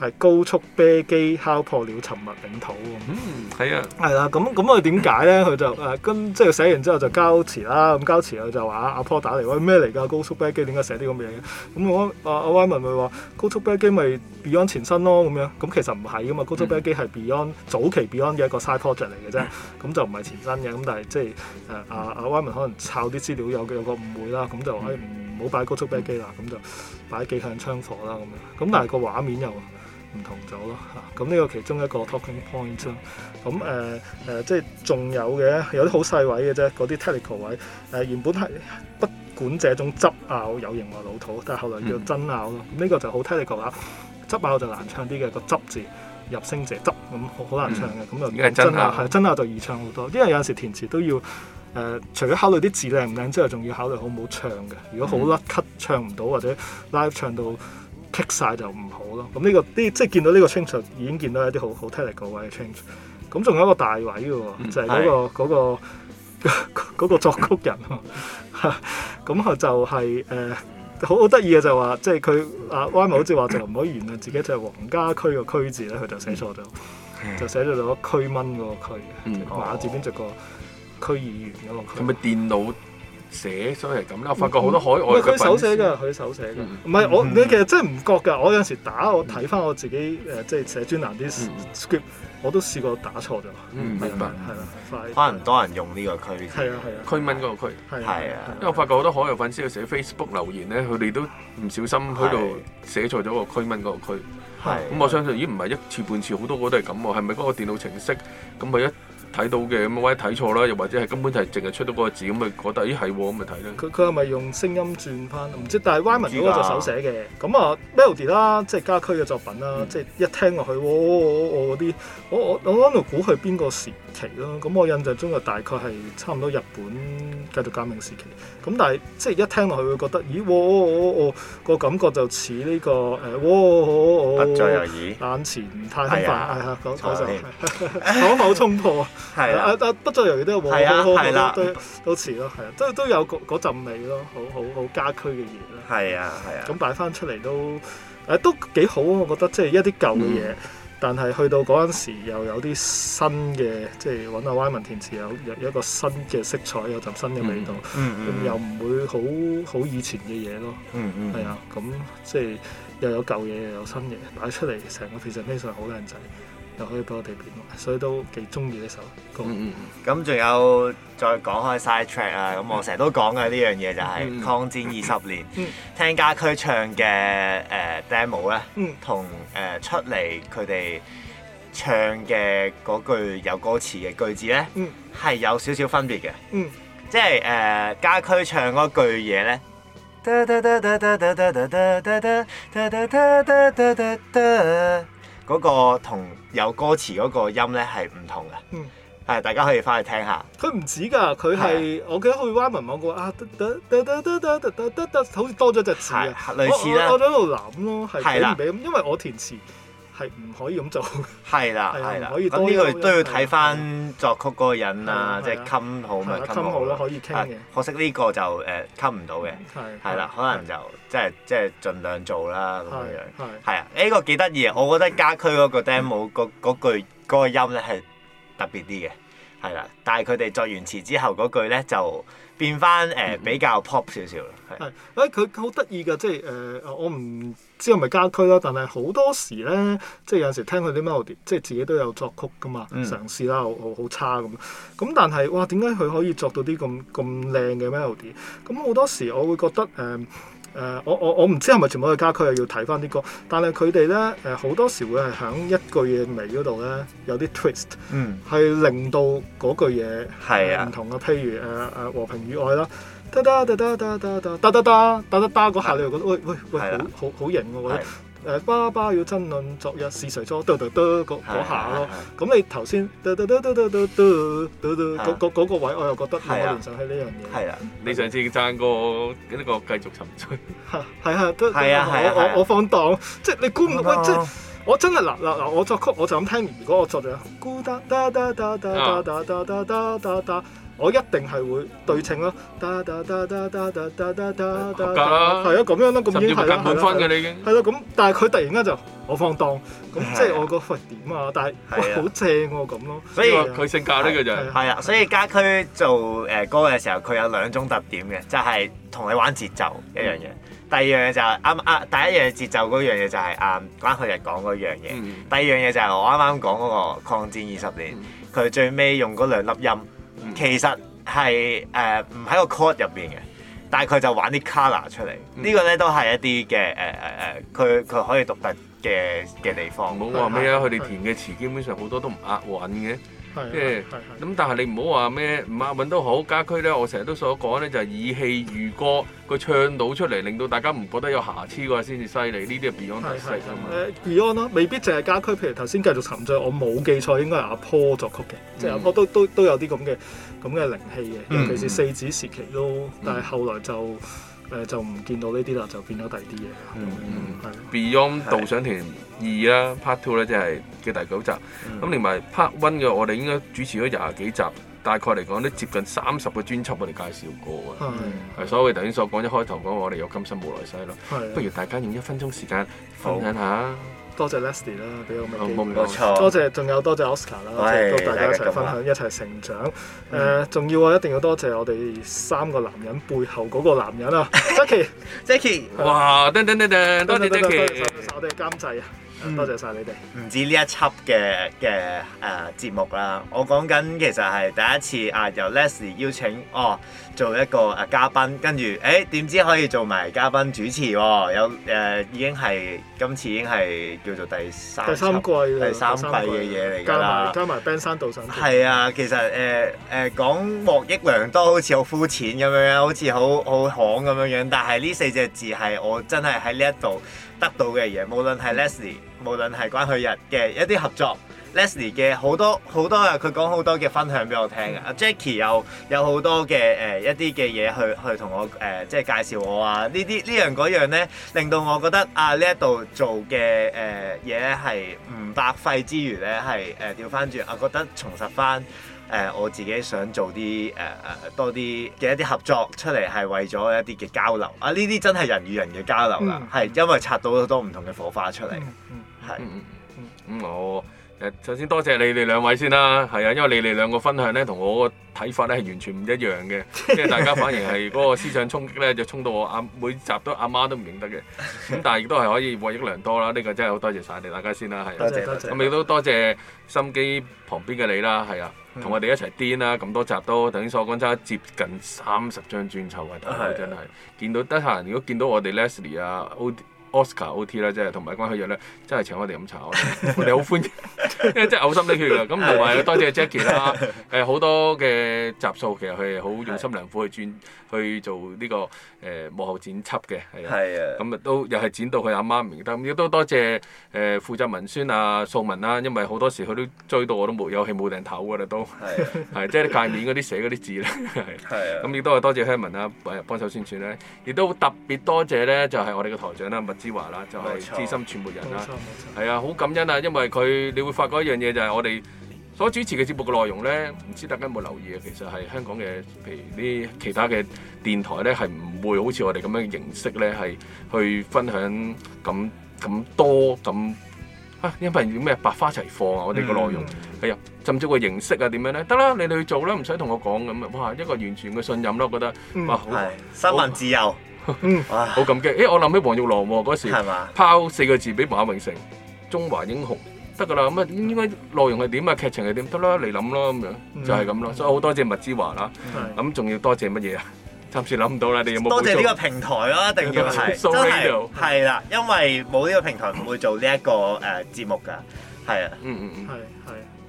係高速啤機敲破了沉默領土喎。嗯，係啊。係啦，咁咁佢點解咧？佢就誒跟、呃、即係寫完之後就交詞啦，咁、嗯、交詞佢就話阿阿 Paul 打嚟喂咩嚟㗎？高速啤機點解寫啲咁嘅嘢嘅？咁我阿阿 Wyman 咪話高速啤機咪 Beyond 前身咯咁樣。咁其實唔係㗎嘛，高速啤機係 Beyond、嗯、早期 Beyond 嘅一個 side project 嚟嘅啫。咁就唔係前身嘅。咁但係即係誒阿阿 Wyman 可能抄啲資料有有個誤會啦。咁就誒唔好擺高速啤機啦。咁就擺幾響槍火啦。咁樣。咁但係個畫面又唔同咗咯嚇，咁、啊、呢、這個其中一個 talking point 咁，誒誒，即係仲有嘅，有啲好細位嘅啫，嗰啲 technical 位。誒、啊、原本係不管這種執拗有型或老土，但係後來叫爭拗咯。呢、這個就好 technical 啦、啊。執拗就難唱啲嘅，這個執字入聲字「執」咁，好難唱嘅。咁就真係爭拗，爭拗就易唱好多，因為有陣時填詞都要誒、呃，除咗考慮啲字靚唔靚之外，仲要考慮好唔好唱嘅。如果好甩咳，唱唔到或者 live 唱到。剔晒就唔好咯，咁呢、這個啲即係見到呢個 change 已經見到一啲好好 technical 位嘅 change，咁仲有一個大位嘅喎，就係、是、嗰、那個嗰、嗯那個嗯那個、作曲人，咁佢、嗯、就係誒好好得意嘅就話，即係佢阿 Wyman 好似話就唔可以原諒自己，就黃、是、家駒嘅駒字咧，佢就寫錯咗，嗯、就寫咗攞驅蚊嗰個驅，嗯哦、馬字邊著個區議員咁啊，咁咪、嗯、電腦？寫所以係咁啦，我發覺好多海外嘅，佢、嗯嗯、手寫嘅，佢手寫嘅。唔係、嗯、我、嗯、你其實真係唔覺㗎，我有陣時打我睇翻我自己誒、呃，即係寫專欄啲 script，我都試過打錯咗。明白、嗯，係、嗯嗯、可能多人用呢個區，係啊係啊，啊啊啊區蚊嗰個區，啊，啊因為我發覺好多海外粉絲去寫 Facebook 留言咧，佢哋、啊啊、都唔小心喺度寫錯咗個區蚊嗰個區。咁、啊啊、我相信咦唔係一次半次，好多個都係咁喎。係咪嗰個電腦程式咁咪一？睇到嘅咁，或者睇錯啦，又或者係根本就係淨係出到嗰個字咁，咪覺得咦，係喎，咁咪睇啦。佢佢係咪用聲音轉翻唔知，但係 Wyman 嗰個就手寫嘅。咁啊 Melody 啦，即係家駒嘅作品啦，嗯、即係一聽落去、哦哦哦、我我我嗰啲我我我喺度估佢邊個詞。期咯，咁我印象中就大概係差唔多日本繼續革命時期，咁但係即係一聽落去會覺得，咦，我我個感覺就似呢個誒，哇，不再猶豫眼前太坦白，講講就講冇衝破，係啊，啊啊不再猶豫都係哇，都都似咯，係啊，都都有嗰嗰陣味咯，好好好家區嘅嘢啦，係啊係啊，咁擺翻出嚟都誒都幾好啊，我覺得即係一啲舊嘅嘢。但係去到嗰陣時，又有啲新嘅，即係揾阿歪文填詞有有一個新嘅色彩，有陣新嘅味道，咁、嗯嗯嗯、又唔會好好以前嘅嘢咯。係、嗯嗯、啊，咁即係又有舊嘢又有新嘢擺出嚟，成個其實非常好靚仔。就可以幫我哋變咯，所以都幾中意呢首歌。咁仲有再講開 side track 啊，咁我成日都講嘅呢樣嘢就係抗戰二十年。聽家駒唱嘅誒 demo 咧，同誒出嚟佢哋唱嘅嗰句有歌詞嘅句子咧，係有少少分別嘅。嗯，即係誒家駒唱嗰句嘢咧。嗰個同有歌詞嗰個音咧係唔同嘅，係大家可以翻去聽下。佢唔止㗎，佢係我記得去灣文網個啊，得得得得好似多咗隻字啊，類似啦。我我喺度諗咯，係俾唔俾？因為我填詞，係唔可以咁做？係啦，係啦，可咁呢個都要睇翻作曲嗰個人啊，即係襟好咪襟好咯，可以傾。可惜呢個就誒襟唔到嘅，係啦，可能就即係即係盡量做啦咁樣樣。係啊，呢個幾得意，我覺得家駒嗰個 demo 嗰句嗰個音咧係特別啲嘅，係啦。但係佢哋作完詞之後嗰句咧就變翻誒比較 pop 少少啦。係，誒佢好得意㗎，即係誒我唔知係咪家駒咯，但係好多時咧，即係有時聽佢啲 melody，即係自己都有作曲噶嘛，嗯、嘗試啦，好好差咁。咁但係哇，點解佢可以作到啲咁咁靚嘅 melody？咁好多時我會覺得誒誒、呃呃，我我我唔知係咪全部都係家駒，又要睇翻啲歌。但係佢哋咧誒，好、呃、多時會係響一句嘢尾嗰度咧，有啲 twist，係令到嗰句嘢唔同啊。譬如誒誒、啊、和平與愛啦。噠噠噠噠噠噠噠噠噠噠噠嗰下，你又覺得喂喂喂，好好型喎！誒，爸爸要爭論昨日是誰錯？嘟嘟嘟嗰下咯。咁你頭先嘟嘟嘟嘟嘟嘟嘟嗰個位，我又覺得我聯想起呢樣嘢。係啊，你上次贊過呢個繼續沉醉。係啊！都係啊！我我放蕩，即係你估唔到？喂，即係我真係嗱嗱嗱！我作曲我就咁聽，如果我作嘅歌，嘟嘟嘟嘟嘟嘟嘟嘟嘟嘟嘟嘟。我一定係會對稱咯，係啊，咁樣咯，咁已經係啦。十分嘅你已經係咯，咁但係佢突然間就我放蕩，咁即係我個伏點啊！但係哇，好正喎咁咯。所以佢性格呢個就係啊，所以家駒做誒歌嘅時候，佢有兩種特點嘅，就係同你玩節奏一樣嘢。第二樣嘢就係啱啱第一樣節奏嗰樣嘢就係啊，關浩日講嗰樣嘢。第二樣嘢就係我啱啱講嗰個抗戰二十年，佢最尾用嗰兩粒音。其實係誒唔喺個 chord 入邊嘅，但係佢就玩啲 color 出嚟。嗯、個呢個咧都係一啲嘅誒誒誒，佢、呃、佢、呃、可以獨特嘅嘅地方。唔好話咩啊，佢哋填嘅詞基本上好多都唔押韻嘅。即係咁但係你唔好話咩唔押韻都好。家駒咧，我成日都所講咧就係以氣如歌，佢唱到出嚟，令到大家唔覺得有瑕疵嘅話，先至犀利。呢啲係 Beyond 特色啊嘛。Beyond 咯、嗯嗯，未必淨係家駒。譬如頭先繼續沉醉，我冇記錯應該係阿 Paul 作曲嘅，即係我都都都有啲咁嘅。嗯咁嘅靈氣嘅，尤其是四子時期都，但係後來就誒、呃、就唔見到呢啲啦，就變咗第二啲嘢。嗯、吧 Beyond 導賞團二啦，Part Two 咧即係嘅第九集，咁連埋 Part One 嘅我哋應該主持咗廿幾集，大概嚟講都接近三十個專輯我哋介紹過嘅。係的的所以頭先所講，一開頭講我哋有今生無來世咯，的不如大家用一分鐘時間分享下。多謝 Leslie 啦，俾我哋機會。多謝，仲有多謝 Oscar 啦，多謝大家一齊分享，一齊成長。誒，仲要啊，一定要多謝我哋三個男人背後嗰個男人啊，Jackie，Jackie，哇，叮叮多謝 Jackie，多謝晒我哋嘅監製啊！多謝晒你哋、嗯。唔止呢一輯嘅嘅誒節目啦，我講緊其實係第一次啊，由 Leslie 邀請哦做一個誒、呃、嘉賓，跟住誒點知可以做埋嘉賓主持喎、哦，有誒、呃、已經係今次已經係叫做第三季第三季嘅嘢嚟㗎啦。加埋山道神。係啊，其實誒誒、呃呃、講獲益良多，好似好膚淺咁樣樣，好似好好行咁樣樣，但係呢四隻字係我真係喺呢一度得到嘅嘢，無論係 Leslie。無論係關佢日嘅一啲合作，Leslie 嘅好多好多日，佢講好多嘅分享俾我聽嘅。嗯、Jacky 又有好多嘅誒、呃、一啲嘅嘢去去同我誒、呃、即係介紹我啊。呢啲呢樣嗰樣咧，令到我覺得啊呢一度做嘅誒嘢咧係唔白費之餘咧係誒調翻轉，我覺得重拾翻誒、呃、我自己想做啲誒、呃、多啲嘅一啲合作出嚟係為咗一啲嘅交流。啊呢啲真係人與人嘅交流啦，係、嗯、因為擦到好多唔同嘅火花出嚟。嗯嗯嗯嗯是嗯，咁我誒首先多謝，謝你哋兩位先啦，係啊，因為你哋兩個分享咧，同我睇法咧係完全唔一樣嘅，即係 大家反而係嗰個思想衝擊咧，就衝到我阿、啊、每集都阿媽，媽都唔認得嘅。咁但係亦都係可以獲益良多啦，呢、這個真係好多謝晒你大家先啦，係、啊。多謝多謝。咁亦、啊、謝都多謝，謝心機旁邊嘅你啦，係啊，同、嗯、我哋一齊癲啦，咁多集都等於所講差接近三十張專輯啊。大嘅、啊，真係、啊啊啊啊、見到得閒，如果見到我哋 Leslie 啊，啊，啊，啊，啊，啊，啊，啊 Oscar O T 啦，即係同埋關起藥咧，真係請我哋飲茶，我哋好 歡迎，因 真係嘔心瀝血㗎。咁同埋多謝，謝 Jackie 啦，誒好 多嘅集數其實佢哋好用心良苦去轉。去做呢、這個誒、呃、幕後剪輯嘅，係啊，咁啊都又係剪到佢阿媽唔認得，咁亦都多謝誒、呃、負責文宣啊素文啦、啊，因為好多時佢都追到我都冇有氣冇埞唞嘅啦都，係的 即係啲介面嗰啲寫嗰啲字咧，係，咁亦都係多謝 Herman 啊，誒幫手宣傳咧、啊，亦都特別多謝咧就係我哋嘅台長啦、啊、麥之華啦、啊，就係資深傳媒人啦，係啊好感恩啊，因為佢你會發覺一樣嘢就係我哋。所主持嘅節目嘅內容咧，唔知大家有冇留意啊？其實係香港嘅，譬如啲其他嘅電台咧，係唔會好似我哋咁樣嘅形式咧，係去分享咁咁多咁嚇，因為咩百花齊放啊！我哋嘅內容係啊，甚至個形式啊，點樣咧？得啦，你哋去做啦，唔使同我講咁哇，一個完全嘅信任咯，我覺得哇，係新聞自由，嗯、哇好感激。誒、欸，我諗起黃玉郎喎、啊，嗰時拋四個字俾馬榮成，嗎《中華英雄》。得噶啦，咁啊應該內容係點啊，劇情係點，得啦，你諗咯咁樣，就係咁咯。Hmm. 所以好多謝麥之華啦，咁仲、mm hmm. 要多謝乜嘢啊？暫時諗唔到啦，你有冇？多謝呢個平台咯、啊，一定要係， 了真係係啦，因為冇呢個平台唔會做呢、這、一個誒節目㗎，係啊、 呃，嗯嗯嗯。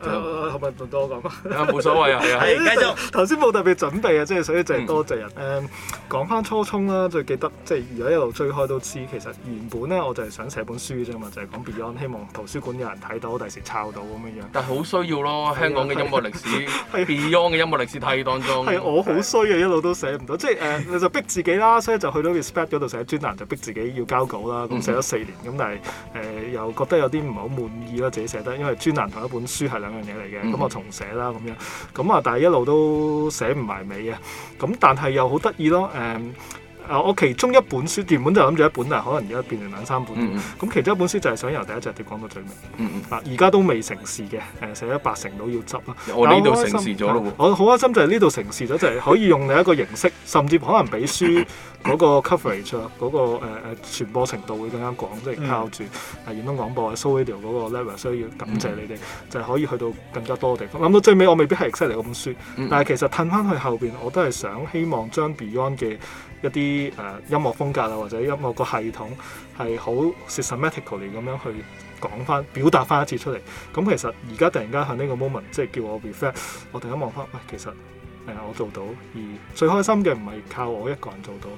啊，係咪仲多講啊？冇所謂啊，係啊，係繼續。頭先冇特別準備啊，即係所以就係多謝人。誒，講翻初衷啦，最記得即係如果一路追開都知。其實原本咧，我就係想寫本書啫嘛，就係講 Beyond，希望圖書館有人睇到，第時抄到咁樣樣。但係好需要咯，香港嘅音樂歷史係 Beyond 嘅音樂歷史體當中。係我好衰啊，一路都寫唔到，即係誒就逼自己啦，所以就去到 Respect 嗰度寫專欄，就逼自己要交稿啦。咁寫咗四年，咁但係誒又覺得有啲唔係好滿意啦，自己寫得，因為專欄同一本書係兩樣嘢嚟嘅，咁、嗯、我重寫啦，咁樣，咁啊，但係一路都寫唔埋尾啊，咁但係又好得意咯，誒、嗯，我其中一本書原本就諗住一本，但可能而家變成兩三本，咁、嗯，其中一本書就係想由第一隻碟講到最尾，啊、嗯，而家都未成事嘅，誒，寫咗八成到要執啦、嗯，我呢度成事咗咯，我好開心就係呢度成事咗， 就係可以用另一個形式，甚至可能俾書。 嗰個 coverage 啊、那個，嗰個誒傳播程度會更加廣，即係靠住啊，遠東廣播啊，So Radio 嗰個 level，需要感謝你哋， 就係可以去到更加多地方。諗到最尾，我未必係犀利嚟本書，ale，但係其實褪翻去後邊，我都係想希望將 Beyond 嘅一啲誒、呃、音樂風格啊，或者音樂個系統係好 systematically 咁樣去講翻、表達翻一次出嚟。咁其實而家突然間喺呢個 moment，即係叫我 reflect，我突然間望翻喂，其實。誒、嗯、我做到，而最開心嘅唔係靠我一個人做到，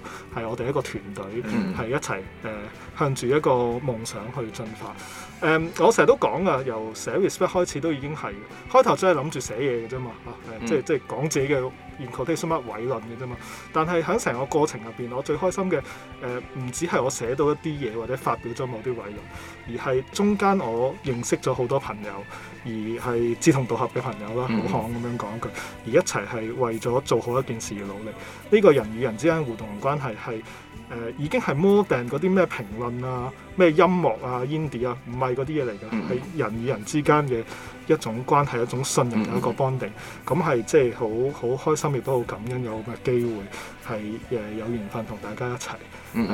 係我哋一個團隊係、mm hmm. 一齊誒、呃、向住一個夢想去進發。誒、嗯、我成日都講噶，由寫 research 開始都已經係，開頭真係諗住寫嘢嘅啫嘛嚇，即係即係講自己嘅 intellectual 偉論嘅啫嘛。但係喺成個過程入邊，我最開心嘅誒唔止係我寫到一啲嘢或者發表咗某啲偉論，而係中間我認識咗好多朋友。而係志同道合嘅朋友啦，好行咁樣講一句，嗯、而一齊係為咗做好一件事而努力。呢、呢個人與人之間嘅互動關係係誒、呃、已經係 more than 嗰啲咩評論啊、咩音樂啊、Indie 啊，唔係嗰啲嘢嚟嘅，係、嗯、人與人之間嘅一種關係、一種信任、有一個 bonding、嗯。n 咁係即係好好開心，亦都好感恩有咁嘅機會係誒、呃、有緣分同大家一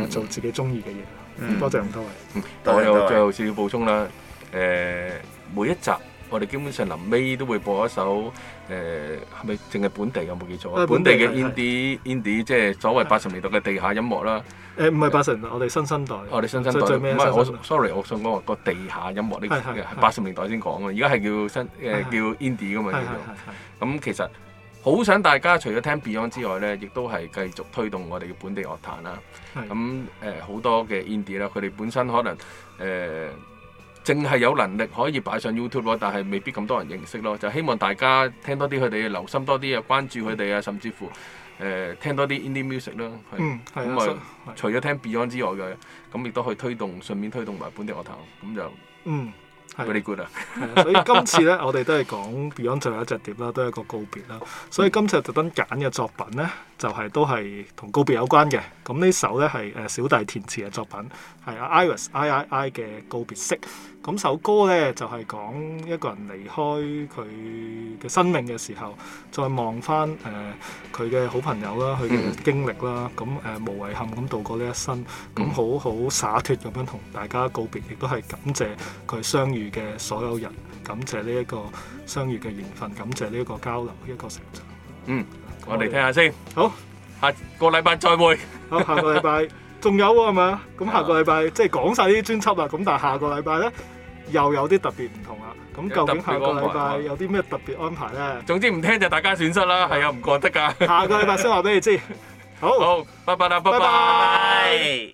齊做自己中意嘅嘢。嗯，多謝咁多位。嗯，但嗯我有最後少少補充啦。誒、呃，每一集。我哋基本上臨尾都會播一首誒，係咪淨係本地，有冇記錯？本地嘅 indie indie 即係所謂八十年代嘅地下音樂啦。誒唔係八十年代，是我哋新生代。最最代我哋新生代唔係我，sorry，我想講個地下音樂呢啲八十年代先講啊。而家係叫新誒、呃、叫 indie 㗎嘛叫做。咁其實好想大家除咗聽 Beyond 之外咧，亦都係繼續推動我哋嘅本地樂壇啦。咁誒好多嘅 indie 啦，佢哋本身可能誒。呃淨係有能力可以擺上 YouTube 咯，但係未必咁多人認識咯。就希望大家聽多啲佢哋，留心多啲啊，關注佢哋啊，甚至乎誒、呃、聽多啲 Indie Music 啦。嗯，咁啊，因為 啊除咗聽 Beyond 之外嘅，咁亦都可以推動，順便推動埋本地樂壇。咁就嗯、啊、very good 啊。所以今次咧，我哋都係講 Beyond 最後一隻碟啦，都係一個告別啦。所以今次特登揀嘅作品咧，就係、是、都係同告別有關嘅。咁呢首咧係誒小弟填詞嘅作品，係、啊、Iris I I I 嘅告別式。咁首歌咧就係講一個人離開佢嘅生命嘅時候，再望翻，誒佢嘅好朋友啦，佢嘅經歷啦，咁誒無遺憾咁度過呢一生，咁好好灑脫咁樣同大家告別，亦都係感謝佢相遇嘅所有人，感謝呢一個相遇嘅緣分，感謝呢一個交流、一個成長。嗯，我哋聽下先。好，下個禮拜再會。好，下個禮拜仲有喎係嘛？咁下個禮拜即係講晒呢啲專輯啦。咁但係下個禮拜咧？又有啲特別唔同啦，咁究竟下個禮拜有啲咩特別安排咧？總之唔聽就大家損失啦，係啊， 唔講得㗎。 下個禮拜先話俾你知。好，好，拜拜啦，拜拜。